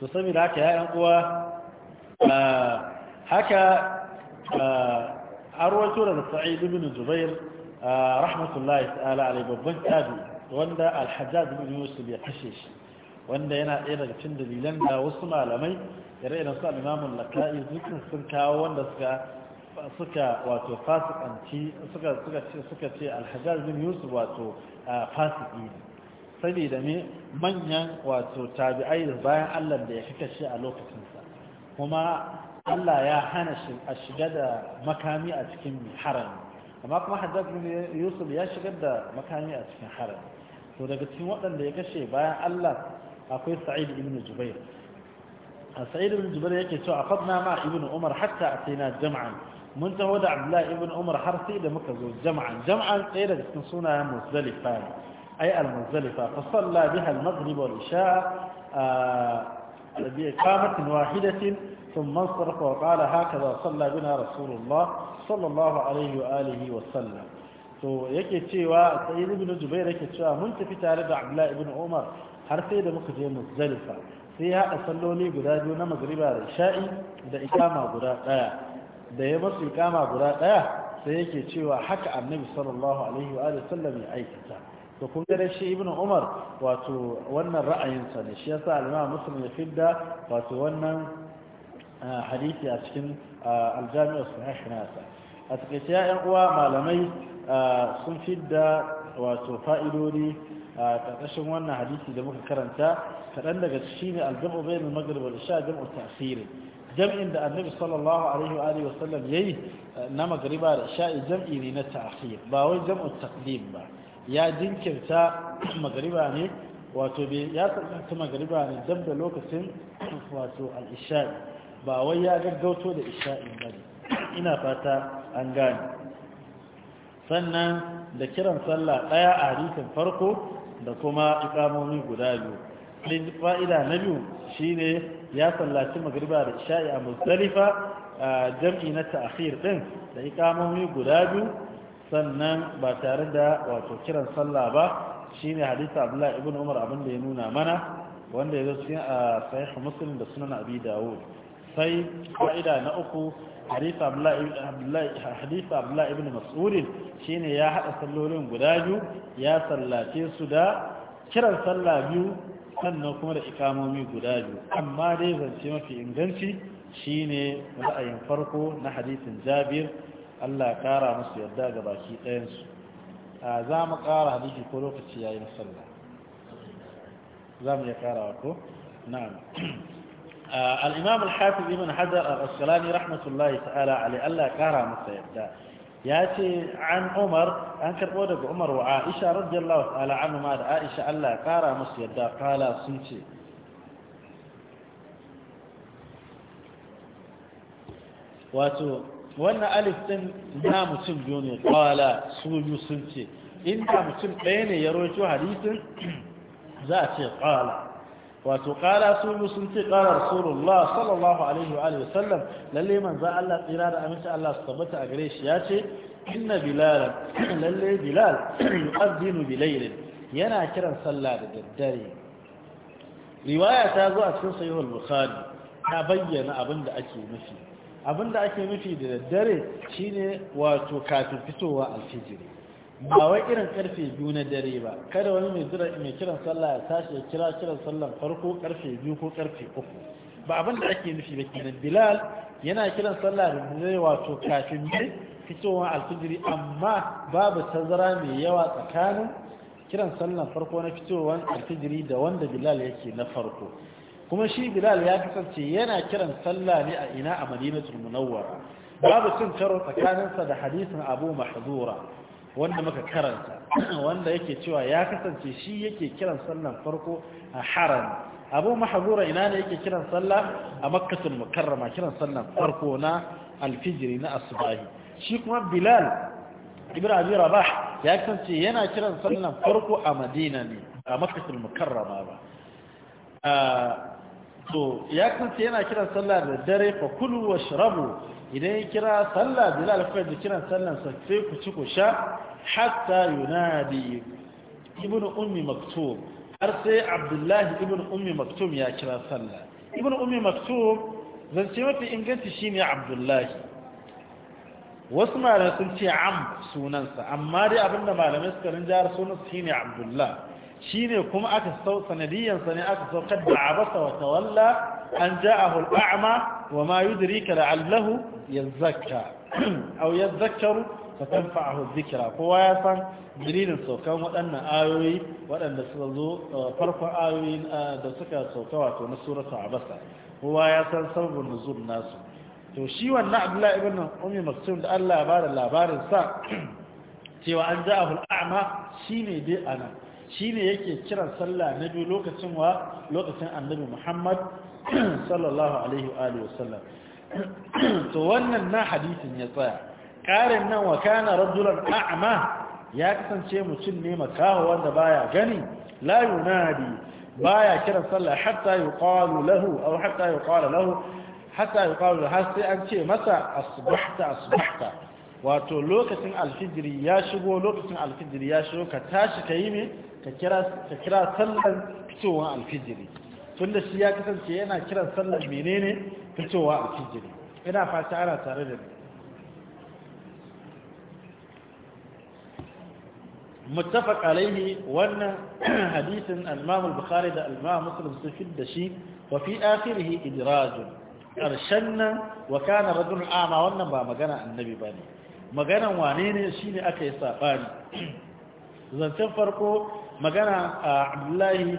to saboda haka ya uwa ah, haka arwato ah, daga sa'id ibn zubair ah, rahmatullahi ta'ala alai babban tabi wanda alhajjaj ibn yusuf ya kashe shi wanda yana ɗaya daga cikin dalilan da wasu malamai ire irin su al-imamun laka'i dukkan sun kawo wanda suka suka wato fasikanci suka suka ce suka ce alhajjaj ibn yusuf wato fasiki ne saboda me manyan wato tabi'ai bayan Allah da ya fita shi a lokacinsa kuma Allah ya hana shi a shiga da makami a cikin harami amma kuma Haddad Yusuf ya shigar da makami a cikin harami to daga cikin waɗanda ya kashe bayan Allah akwai Sa'id ibn Jubair a Sa'id ibn Jubair yake cewa aqadna ma ibn Umar hatta ataina jama'an mun taho da abdullahi ibn Umar har sai da muka zo jama'an jama'an tsaye daga cikin sunayen Muzdalifa أي المزدلفة فصلى بها المغرب والعشاء بإقامة واحدة ثم انصرف وقال هكذا صلى بنا رسول الله صلى الله عليه وآله وسلم to yake cewa sayyid ibn jubair yake cewa mun tafi tare da abdullahi ibn umar har sai da muka je muzdalifa sai ya haɗa salloli guda biyu na magriba da sha'i da ikama guda ɗaya da ya masu ikama guda ɗaya sai yake cewa haka annabi sallallahu alaihi wa sallam ya aikata to kun gare shi Ibn umar wato wannan ra'ayinsa ne shi yasa al-imam muslim ya fidda wato wannan hadisi a cikin al-jami'u sahih nasa a takaice ya uwa malamai sun fidda wato fa'idodi a ƙarƙashin wannan hadisi da muka karanta kaɗan daga shi ne aljamu bai na magarba da sha jam'u tasiri jam'in da annabi sallallahu alaihi wa sallam ya yi na magariba da sha'i jam'i ne na ta'akhir ba wai jam'u taqdim ba ya jinkirta magariba ne wato ya tsakanta magariba ne dab da lokacin wato al'isha'i ba wai ya gaggauto da isha'i ba ne ina fata an gane sannan da kiran sallah ɗaya a hadisin farko da kuma ikamomi guda biyu fa'ida na biyu shine ya sallaci magariba da isha'i a musdalifa jam'i na ta'khir ɗin da ikamomi guda biyu sannan ba tare da wato kiran sallah ba shine hadisi abdullahi ibn umar abin da ya nuna mana wanda ya zo cikin a ah, sahih muslim da sunan abi dawud sai fa'ida na uku hadisi abdullahi ibn mas'ud shine ya hada sallolin guda biyu ya sallace su da kiran sallah biyu sannan kuma da ikamomi guda biyu amma dai zance mafi inganci shine ra'ayin farko na hadisin jabir Allah ya kara musu yadda ga baki ɗayansu a za mu ƙara hadisi ko lokaci yayin sallah za mu iya karawa wato? na'am al-imam al-hafiz ibn hajar al-asqalani rahmatullahi ta'ala alai Allah ya kara masa yadda ya ce an umar an karɓo daga umar wa aisha radiyallahu ta'ala anhu ma da aisha Allah ya kara musu yadda kala sun ce wato wannan alif din na mutum biyu ne kwala su biyu sun ce inda mutum ɗaya ne ya roƙi hadisin za a ce kwala wato kala su biyu sun ce kala rasulullah sallallahu alaihi wa sallam lalle za Allah tsira da aminci Allah su tabbata a gare shi ya ce inna bilal lalle bilal yu'adhdhinu bilaylin yana kiran sallah da daddare riwaya ta zo a cikin sahih al-bukhari ta bayyana abin da ake nufi Abin da ake nufi da daddare shine wato kafin fitowa alfijiri ba wai irin karfe biyu na dare ba kada wani mai jira mai kiran sallah ya tashi ya kira kiran sallan farko karfe biyu ko karfe uku ba abinda ake nufi ba kenan bilal yana kiran sallah da zai wato kafin mai fitowa alfijiri amma babu tazara mai yawa tsakanin kiran sallan farko na fitowa alfijiri da wanda bilal yake na farko kuma shi bilal ya kasance yana kiran sallah ne a ina a madinatul munawwara babu cin karo tsakaninsa da hadisin abu mahzura wanda muka karanta wanda yake cewa ya kasance shi yake kiran sallan farko a haram abu mahzura ina ne yake kiran sallah a makkatul mukarrama kiran sallan farko na alfijiri na asubahi shi kuma bilal ibn abi rabah ya kasance yana kiran sallan farko a madina ne a makkatul mukarrama ba ah, to ya kasance yana kiran sallah da dare fa kulu washrabu idan ya kira sallah da fa da kiran sallan sa sai ku ci ku sha hatta yunadi ibn ummi maktum har sai abdullahi ibn ummi maktum ya kira sallah ibn ummi maktum zance mafi inganci shine abdullahi wasu malamai sun ce am sunansa amma dai abinda malamai suka rinjar sunansa shine abdullahi shine kuma aka sau sanadiyansa ne aka saukar da abasa wa tawalla an ja'ahu al'a'ma wa ma au ya yazakka aw yazakkaru fatanfa'ahu dhikra kowa ya san dalilin saukan waɗannan ayoyi waɗanda suka zo uh, farkon ayoyi uh, da suka sauka wato na suratu abasa kowa ya san sabbin nuzul nasu to shi wannan abdullahi ibn ummi maktum da Allah ya bada labarin sa cewa an ja a ja'ahu shi ne dai anan shine yake kiran sallah na biyu lokacin wa lokacin annabi Muhammad sallallahu alaihi wa alihi wasallam to wannan na hadisin ya tsaya karin nan wa kana rajulan a'ma ya kasance mutum ne makaho wanda baya gani la yunadi baya kiran sallah hatta yuqalu lahu aw hatta yuqala lahu hatta yuqalu har sai an ce masa asbahta asbahta wato lokacin alfijiri ya shigo lokacin alfijiri ya shigo ka tashi ka yi me ka kira sallar fitowa alfijiri Tunda da shi ya kasance yana kiran sallar menene fitowa alfijiri ina fata ana tare da ne mutafak alaihi wannan hadisin almamul bukhari da almamul musulun su fi da shi wa fi akirihi idirajun ƙarshen nan wa kana radun wannan ba magana annabi ba ne maganan wanene ne shi ne aka yi saɓani zancen farko magana a abdullahi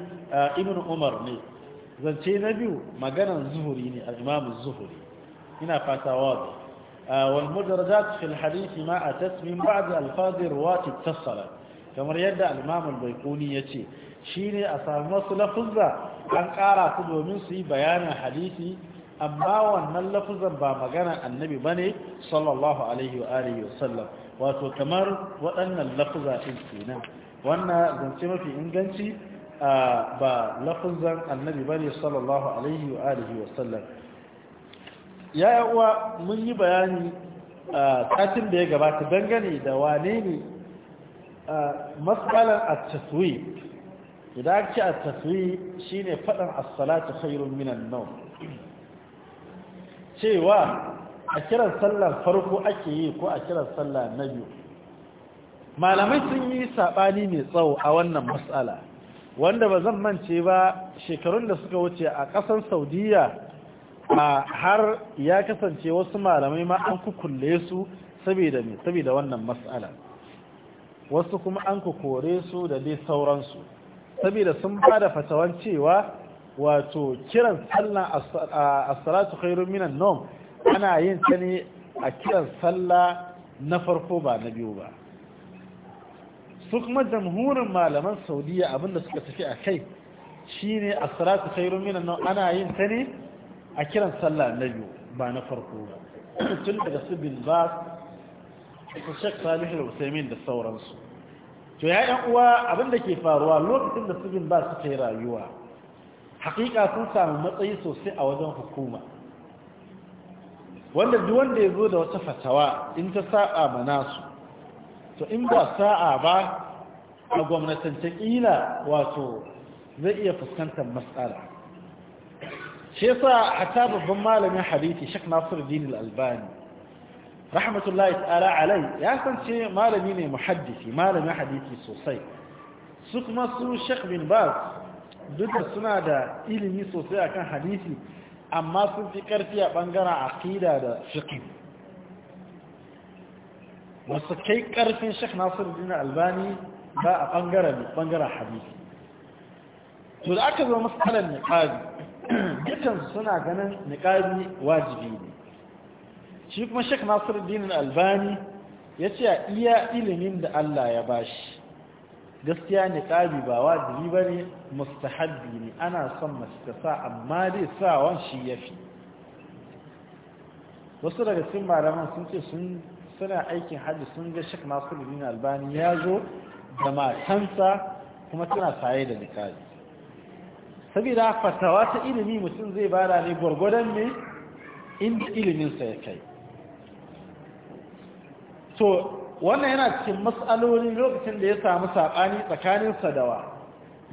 ibn umar ne zance na biyu maganan zuhuri ne al-imam zuhuri ina fata wadi wal mudarajat fil hadith ma atat min ba'd al-fadhi ruwat ittasala kamar yadda al-imam ya ce yace shine a samu wasu lafuzza an kara su domin su yi bayanin hadisi amma wannan lafuzan ba magana annabi bane sallallahu alaihi wa wa sallam wato kamar waɗannan lafuza ɗin kenan wannan zance mafi inganci a ba lafazan annabi bane sallallahu alaihi wa alihi wa sallam ya uwa mun yi bayani a katin da ya gabata dangane da wane ne matsalar a taswi idan ake a taswi shine fadan asalata salatu khairun minan nau cewa a kiran sallar farko ake yi ko a kiran sallar na biyu malamai sun yi saɓani mai tsawo a wannan matsala wanda ba zan mance ba shekarun da suka wuce a ƙasar saudiya a har ya kasance wasu malamai ma an kukulle su saboda mai saboda wannan matsala wasu kuma an kore su da dai sauransu saboda sun ba da fatawan cewa wato kiran sallah a salatu khairun minan nom ana yin ta ne a kiran sallah na farko ba na biyu ba su kuma jamhurin malaman saudiya abinda suka tafi a kai shine a salatu khairun minan nan ana yin ta ne a kiran sallah na biyu ba na farko ba tun daga su bin ba su shek salihu da usaimin da sauransu to ya yan uwa abinda ke faruwa lokacin da su bin ba su yi rayuwa hakika sun samu matsayi sosai a wajen hukuma wanda duk wanda ya zo da wata fatawa in ta saba ma nasu to in ba sa'a ba a gwamnatancin ila wato zai iya fuskantar matsala shi yasa hatta babban malamin hadisi Sheikh Nasiruddin Al-Albani rahmatullahi ta'ala alai ya san ce malami ne muhaddisi malamin hadisi sosai su kuma su shek bin bas, duk da suna da ilimi sosai akan hadisi amma sun fi karfi a bangaren aqida da fiqh wasu kai karfin shek nasiru albani ba a ɓangaren ɓangaren hadisi to da aka zo matsalar niƙari dukkan suna ganin niƙari wajibi ne shi kuma shek nasiru dina albani ya ce a iya ilimin da allah ya bashi gaskiya niƙari ba wajibi ba ne mustahabbi ne ana son mace ta sa amma dai sawan shi ya fi wasu daga cikin malaman sun ce sun suna aikin hajji sun ga shek nasiruddin albani ya zo da matansa kuma suna saye da nikali saboda fatawa ta ilimi mutum zai bada ne gwargwadon ne inda iliminsa ya kai to wannan yana cikin matsalolin lokacin da ya samu saɓani tsakanin sadawa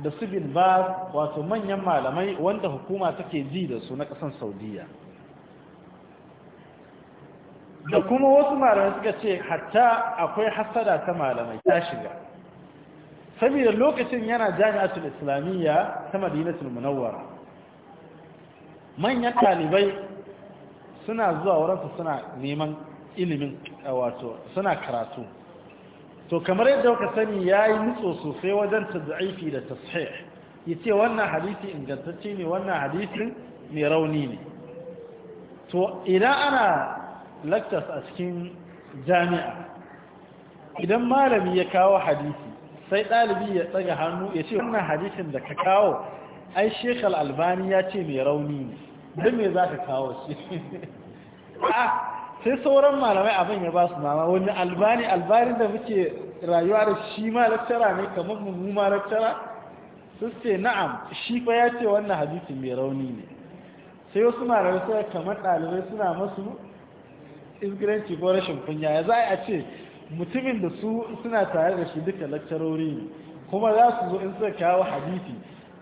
da su bin ba wato manyan malamai wanda hukuma take ji da su na ƙasan saudiya da kuma wasu malamai suka ce hatta akwai hasada ta malamai ta shiga saboda lokacin yana jami'atul islamiyya ta madinatul munawwara manyan talibai suna zuwa wurinsa suna neman ilimin eh, wato suna karatu to kamar yadda kuka sani yayi nutso sosai wajen tad'ifi da tashih yace wannan hadisi ingantacce ne wannan hadisin mai rauni ne to idan ana lectures a cikin jami'a idan malami ya kawo hadisi sai ɗalibi ya tsaga hannu ya ce wannan hadisin da ka kawo ai sheikh albani ya ce mai rauni ne don me za ka kawo shi ah, sai sauran malamai abin ya ba su mama wani albani albani da muke rayuwa da shi ma laktara ne kamar mu ma laktara su ce na'am shi fa ya ce wannan hadisi mai rauni ne sai wasu malamai sai kamar ɗalibai suna masu izgiranci ko rashin kunya ya za a ce mutumin da su suna tare da shi duka lakcarori ne kuma za su zo in suka kawo hadisi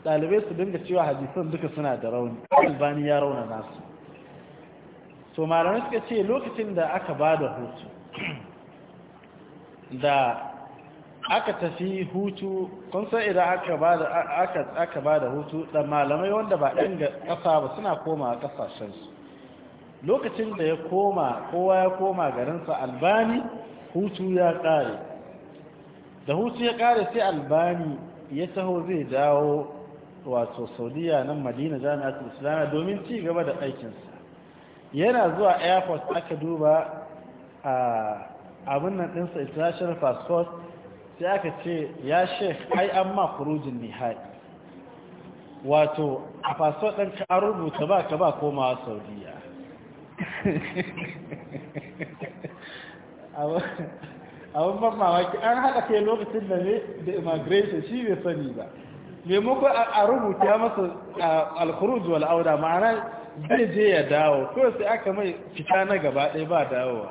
ɗalibai su dinga cewa hadisan duka suna da rauni albani ya rauna nasu to malamai suka ce lokacin da aka ba da hutu da aka tafi hutu kun san idan aka aka aka ba da hutu da malamai wanda ba ɗan kasa ba suna komawa ƙasashensu lokacin da ya koma kowa ya koma garinsa albani hutu ya kare da hutu ya kare sai albani ya taho zai dawo wato saudiya nan madina jami'atul islamiyya domin ci gaba da aikinsa yana zuwa airport aka duba a abin nan ɗinsa international passport sai aka ce ya sheikh ai an ma kurujin nihai wato a passport ɗin ka rubuta ba ka ba komawa saudiya abin ban mamaki an haɗa kai lokacin da ne da immigration shi bai sani ba maimako a rubuta masa alkhuruj wal auda ma'ana zai je ya dawo ko sai aka mai fita na gaba ɗaya ba dawowa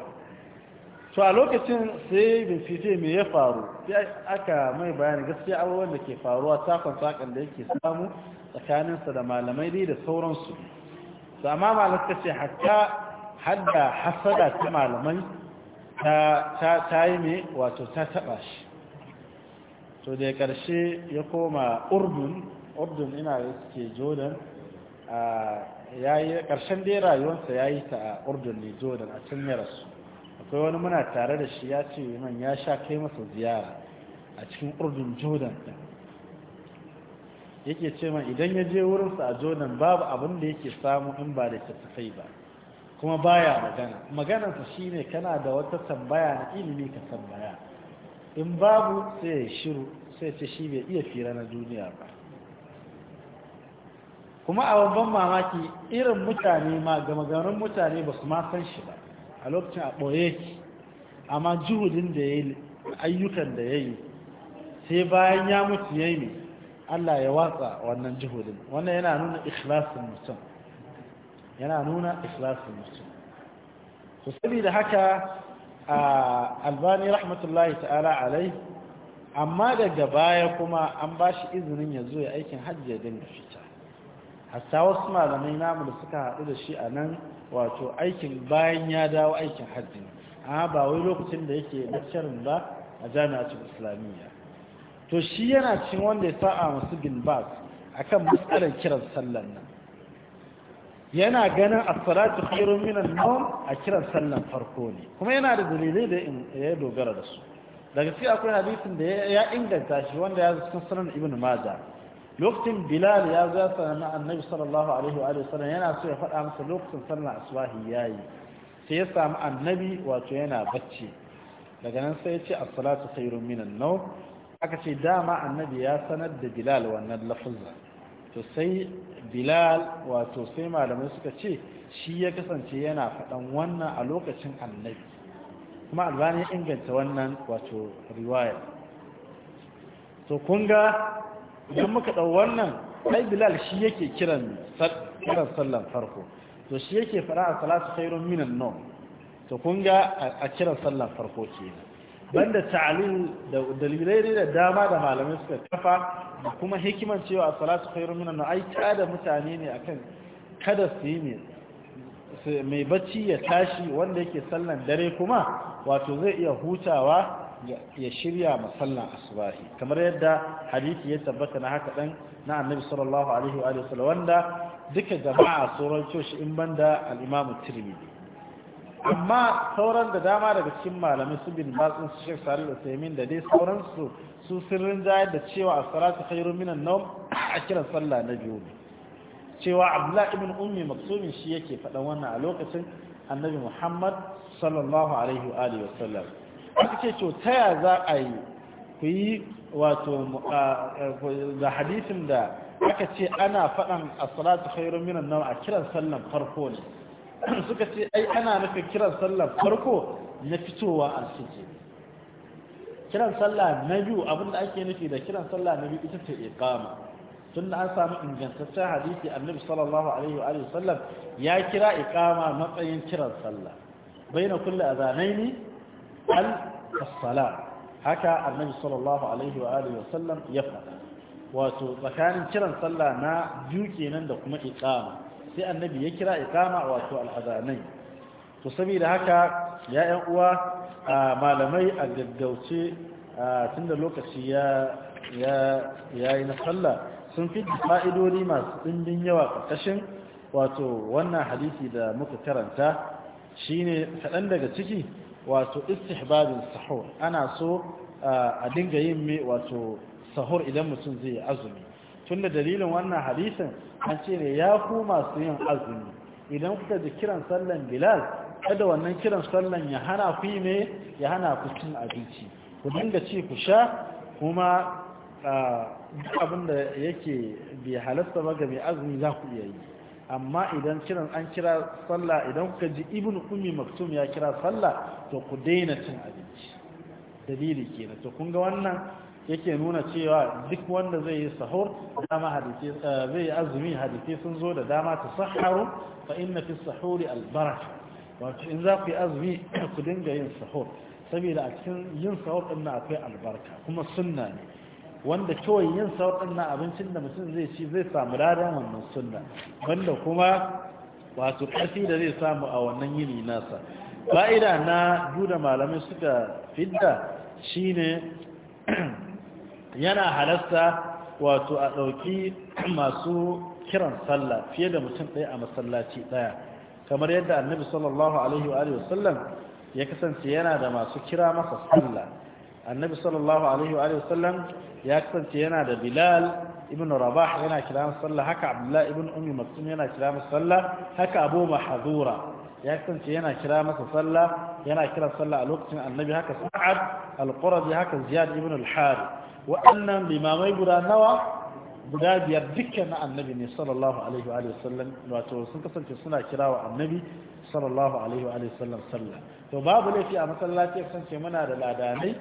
to a lokacin sai bincike me ya faru sai aka mai bayani gaskiya abubuwan da ke faruwa takon sakon da yake samu tsakaninsa da malamai dai da sauransu to amma malaka ce hatta hadda hasada ta malamai ta ta yi ne wato ta taba shi to da karshe ya koma urdun urdun ina yake jordan yayi karshen dai rayuwarsa yayi ta a urdun ne jordan a can ya rasu akwai wani muna tare da shi ya ce man ya sha kai masa ziyara a cikin urdun jordan ɗin yake ce ma idan ya je wurinsa a jonan babu abin da yake samu in ba da tattafai ba kuma baya magana maganarsa shine kana da wata tambaya na ilimi ka tambaya in babu sai ya shiru sai ce shi bai iya fira na duniya ba kuma a babban mamaki irin mutane ma ga maganin mutane ba su ma san shi ba a lokacin a ɓoye ki amma juhudin da ya yi ayyukan da ya yi sai bayan ya mutu ya yi Allah ya watsa wannan jihudin wannan yana nuna ikhlasin mutum yana nuna ikhlasin mutum to da haka albani rahmatullahi ta'ala alai amma daga baya kuma an ba shi izinin ya zo ya aikin hajji ya dinga fita hatta wasu malamai namu da suka haɗu da shi a nan wato aikin bayan ya dawo aikin hajji amma ba wai lokacin da yake lakcarin ba a jami'atul islamiyya to shi yana cin wanda ya sa'a masu bin bas akan matsalar kiran sallan nan yana ganin a salatu khairun minan nan a kiran sallan farko ne kuma yana da dalilai da ya dogara da su daga cikin akwai hadisin da ya inganta shi wanda ya zo cikin sunan ibnu majah lokacin bilal ya zo ya sanar annabi sallallahu alaihi wa sallam yana so ya faɗa masa lokacin sallar ya yayi sai ya samu annabi wato yana bacci daga nan sai ya ce as-salatu khairun na nawm aka ce dama annabi ya sanar da bilal wannan lafuzza to sai bilal wato sai malamai suka ce shi ya kasance yana faɗan wannan a lokacin annabi kuma albani inganta wannan wato riwaya to kun ga idan muka ɗau wannan ai bilal shi yake kiran kiran sallan farko to shi yake faɗa a salatu khairun minan nawm to kun ga a kiran sallan farko kenan banda ta'alil da dalilai da dama da malamai suka kafa kuma hikiman cewa salatu khairun minan ai da mutane ne akan kada su yi mai bacci ya tashi wanda yake sallan dare kuma wato zai iya hutawa ya shirya sallan asubahi kamar yadda hadisi ya tabbata na haka dan na annabi sallallahu alaihi wa sallam wanda duka jama'a tsoron coci in banda al-imam at-tirmidhi amma sauran da dama daga cikin malamai su bin batsin su shek da usaimin da dai sauransu su sirrin jayar da cewa a salatu khairu minan nawm a kiran sallah na biyu ne cewa Abdullahi ibn ummi maksumin shi yake faɗan wannan a lokacin annabi muhammad sallallahu alaihi wa alihi wasallam aka ce to ta ya za a yi ku yi wato da hadisin da aka ce ana faɗan a salatu khairu minan nawm a kiran sallan farko ne suka ce ai ana nufin kiran sallar farko na fitowa alfijir kiran sallah na biyu abinda ake nufi da kiran sallah na biyu ita ce iqama tunda an samu ingantaccen hadisi annabi sallallahu alaihi wa alihi sallam ya kira iqama matsayin kiran sallah baina kulli azanaini al as haka annabi sallallahu alaihi wa alihi sallam ya faɗa wato tsakanin kiran sallah na biyu kenan da kuma iqama sai annabi ya kira ikama wato al'azanai to saboda haka ya yan uwa malamai a gaggauce tun da lokaci ya yi na sallah sun fi fa'idodi masu ɗin yawa ƙarƙashin wato wannan hadisi da muka karanta shine kaɗan daga ciki wato istihbabin sahur ana so a dinga yin mai wato sahur idan mutum zai azumi tunda dalilin wannan hadisin an ce ne ya ku masu yin azumi idan kuka ji kiran sallan bilal kada wannan kiran sallan ya hana ku ne ya hana ku cin abinci ku dinga ci ku sha kuma duk abin da yake bai halasta ba ga mai azumi za ku iya yi amma idan kiran an kira sallah idan kuka ji ibn ummi maktum ya kira sallah to ku daina cin abinci dalili kenan to kun ga wannan yake nuna cewa duk wanda zai yi sahur dama hadisi eh, zai azumi hadisi sun zo da dama ta saharu fa inna fi sahuri albaraka wato in za ku yi azumi ku dinga yin sahur saboda a cikin yin sahur din na akwai albarka kuma sunna ne wanda kawai yin sahur din na abincin da mutum zai ci zai samu ladan wannan sunna wanda kuma wato ƙarfi da zai samu a wannan yini nasa fa'ida na duda malamai suka fidda shine yana halasta wato a ɗauki masu kiran sallah fiye da mutum ɗaya a masallaci ɗaya kamar yadda annabi sallallahu alaihi wa sallam ya kasance yana da masu kira masa sallah annabi sallallahu alaihi wa sallam ya kasance yana da bilal ibn rabah yana kira masa sallah haka abdullah ibn ummi maktum yana kira masa sallah haka abu mahzura ya kasance yana kira masa sallah yana kira sallah a lokacin annabi haka sa'ad al-qurazi haka ziyad ibn al-harith waɗannan limamai guda nawa guda biyar dukkan na annabi ne sallallahu alaihi wa sallam wato sun kasance suna kira wa annabi sallallahu alaihi wa sallam sallah to babu laifi a masallaci ya kasance muna da ladanai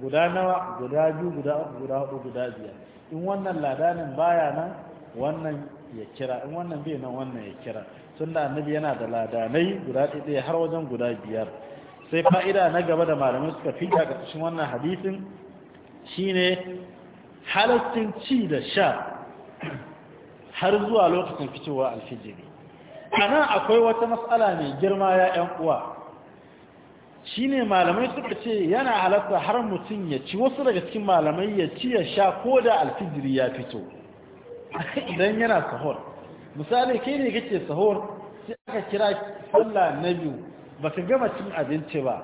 guda nawa guda biyu guda uku guda hudu guda biyar in wannan ladanin baya nan wannan ya kira in wannan bai nan wannan ya kira tunda annabi yana da ladanai guda ɗaya har wajen guda biyar sai fa'ida na gaba da malamai suka fita ga cikin wannan hadisin shine halaccin ci da sha har zuwa lokacin fitowa alfijiri ana akwai wata matsala mai girma ya ‘yan uwa shine malamai suka ce yana halatta har mutum ya ci wasu daga cikin malamai ya ci ya sha ko da alfijiri ya fito idan yana sahur misali kai ne kake sahur sai aka kira sallah na biyu baka gama cin abinci ba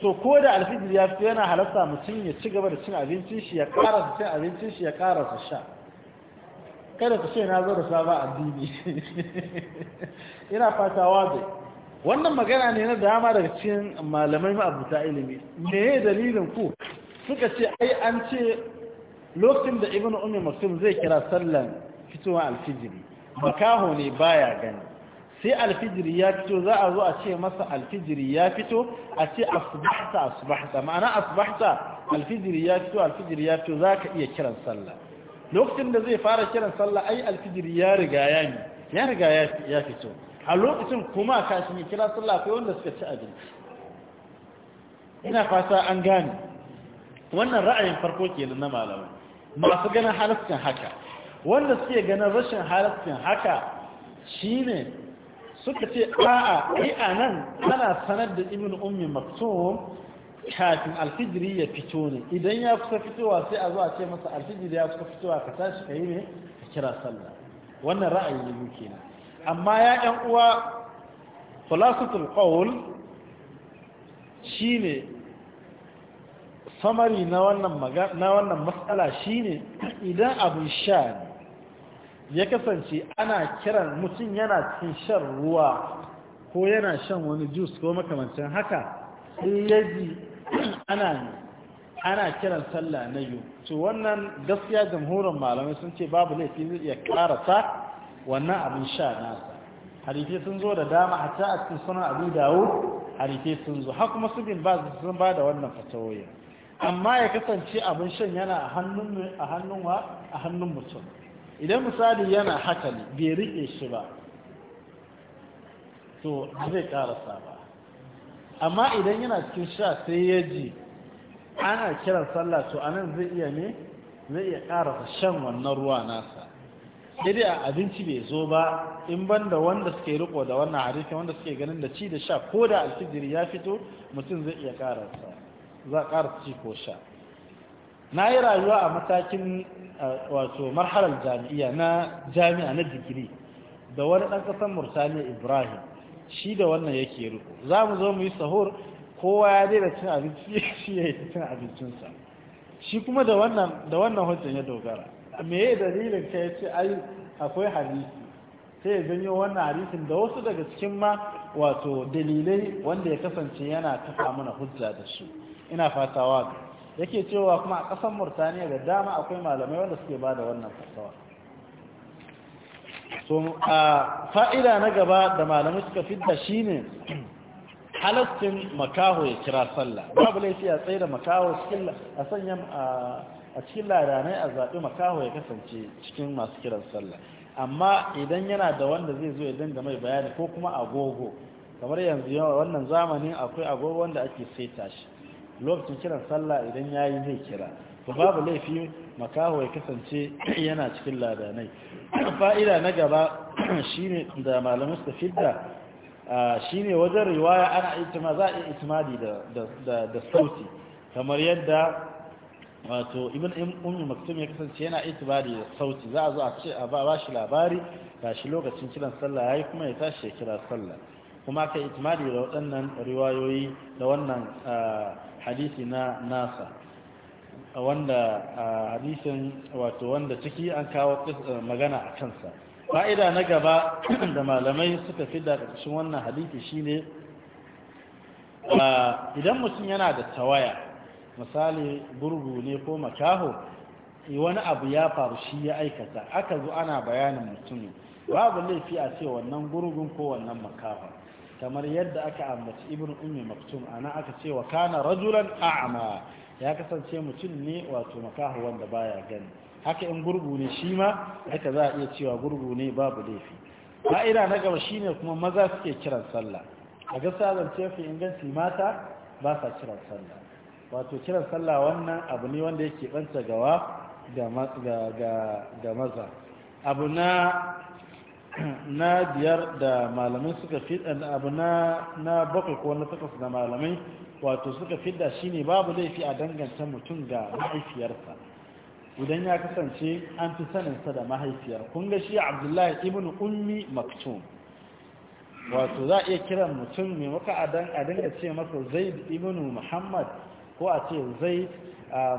to ko da alfijir ya fito yana halarta mutum ya ci gaba da cin abincin shi ya karasa cin abincin shi ya karasa sha kada ku ce na zo da sabon addini ina fata wabe wannan magana ne na dama daga cikin malamai ma'abuta ilimi me dalilin ku suka ce ai an ce lokacin da ibnu ummi maktum zai kira sallan fitowa alfijiri makaho ne baya gani sai alfijiri ya fito za a zo a ce masa alfijiri ya fito a ce asbahta asbahta ma'ana asbahta alfijiri ya fito alfijiri ya fito za ka iya kiran sallah lokacin da zai fara kiran sallah ai alfijiri ya riga ya ne ya riga ya fito a lokacin kuma kashin ya kira sallah akwai wanda suka ci abinci ina fata an gane wannan ra'ayin farko kenan na malamai masu ganin halaccin haka wanda suke ganin rashin halaccin haka shine suka ce a'a a nan ana sanar da ibn ummi maktum kafin alfijiri ya fito ne idan ya kusa fitowa sai a zo a ce masa alfijiri ya kusa fitowa ka tashi ka yi ne ka kira sallah wannan ra'ayi ne muke ne. amma ya ɗan uwa falasatul qawl shine samari na wannan matsala shine idan abin sha ne ya kasance ana kiran mutum yana cin shan ruwa ko yana shan wani jus ko makamancin haka sai ya ji ana ana kiran sallah na yi to wannan gaskiya jamhurin malamai sun ce babu laifi zai iya karasa wannan abin sha nasa harife sun zo da dama hatta a cikin suna abu dawo harife sun zo har kuma su bin ba sun ba da wannan fatawoyin amma ya kasance abin shan yana a hannun a hannun mutum idan misali yana haka ne bai riƙe shi ba to zai ƙarasa ba amma idan yana cikin sha sai ya ji ana kiran sallah to anan zai iya ne zai iya ƙarasa shan wannan ruwa nasa dai a abinci bai zo ba in banda wanda suke riko da wannan harifin wanda suke ganin da ci da sha ko da alfijiri ya fito mutum zai iya ƙarasa za a ƙarasa ci ko sha na yi rayuwa a matakin wato marhalar jami'a na jami'a na digiri da wani ɗan ƙasar murtaniya ibrahim shi da wannan yake riko za mu zo mu yi sahur kowa ya daina cin abinci shi ya yi cin abincinsa shi kuma da wannan hujjan ya dogara me ya dalilin ka ya ce ai akwai hadisi sai ya janyo wannan hadisin da wasu daga cikin ma wato dalilai wanda ya kasance yana kafa mana hujja da su ina fatawa yake cewa kuma a ƙasar murtaniya da dama akwai malamai wanda suke ba da wannan fasawa so a fa'ida na gaba da malamai suka fidda shi ne halattin makaho ya kira sallah babu laifi a tsaye da makaho a sanya a cikin ladanai a zaɓi makaho ya kasance cikin masu kiran sallah amma idan yana da wanda zai zo idan da mai bayani ko kuma agogo kamar yanzu yawa wannan zamanin akwai agogo wanda ake saita shi lokacin kiran sallah idan ya yi zai kira to babu laifi makaho ya kasance yana cikin ladanai fa'ida na gaba shine da malamin su fidda shine wajen riwaya ana itima za a itimadi da sauti kamar yadda wato ibn ummi maktum ya kasance yana itimadi da sauti za a zo a ce a ba shi labari ga shi lokacin kiran sallah yayi kuma ya tashi ya kira sallah kuma ka itimadi da waɗannan riwayoyi da wannan hadisi na nasa wanda a hadisin wato wanda ciki an kawo eh, magana a kansa fa'ida na gaba da malamai suka fi da ƙarshen wannan hadisi shine idan mutum yana da tawaya misali gurgu ne ko makaho eh, wani abu ya faru shi ya aikata aka zo ana bayanin mutum babu laifi a ce wannan gurgun ko wannan makaho kamar yadda aka ambaci ibn ummi maktum ana aka ce wa kana rajulan a'ma ya kasance mutum ne wato makahu wanda baya gani haka in gurgu ne shi ma haka za a iya cewa gurgu ne babu laifi fa'ida na gaba shine kuma maza suke kiran sallah a ga sabon cefi inganci mata ba sa kiran sallah wato kiran sallah wannan abu ne wanda yake banta gawa ga maza abu na na biyar da malamai suka fi abu na bakwai ko na takwas da malamai wato suka shi ne babu laifi a danganta mutum ga mahaifiyarsa idan ya kasance an fi saninsa da mahaifiyar kun ga shi abdullahi ibn ummi maktum wato za a iya kiran mutum mai maka a dinga ce masa zaid ibn muhammad ko a ce zaid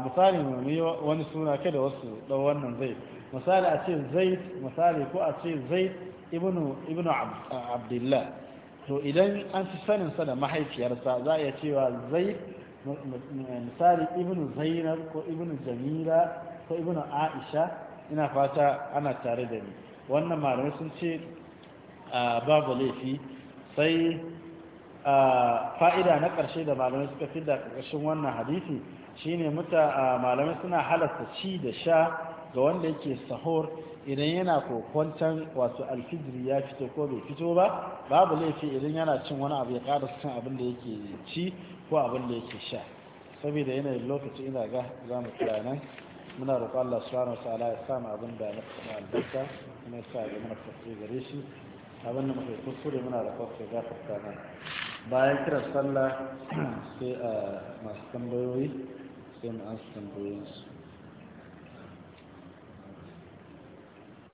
misali mai wani suna kada wasu ɗau wannan zaid misali a ce zaid misali ko a ce zaid ibnu abdullah to idan an fi saninsa da mahaifiyarsa za a iya cewa zaid misali ibnu zainab ko ibnu jamila ko ibnu aisha ina fata ana tare da ni wannan malamai sun ce babu laifi sai fa'ida na ƙarshe da malamai suka fi da ƙarƙashin wannan hadisi shine muta malamai suna halasta ci da sha ga wanda yake sahur idan yana kokwantan wato alfijiri ya fito ko bai fito ba babu laifi idan yana cin wani abu ya ƙara cin abin da yake ci ko abin da yake sha saboda yanayin lokaci ina ga za mu kira nan muna roƙo Allah subhanahu ta'ala ya sa mu abin da na kuma albarka kuma ya sa ga muna tafsir gare shi abin da muke kuskure muna roƙo ka gafarta mana bayan kiran sallah sai a ah, masu tambayoyi sai mu an tambayoyinsu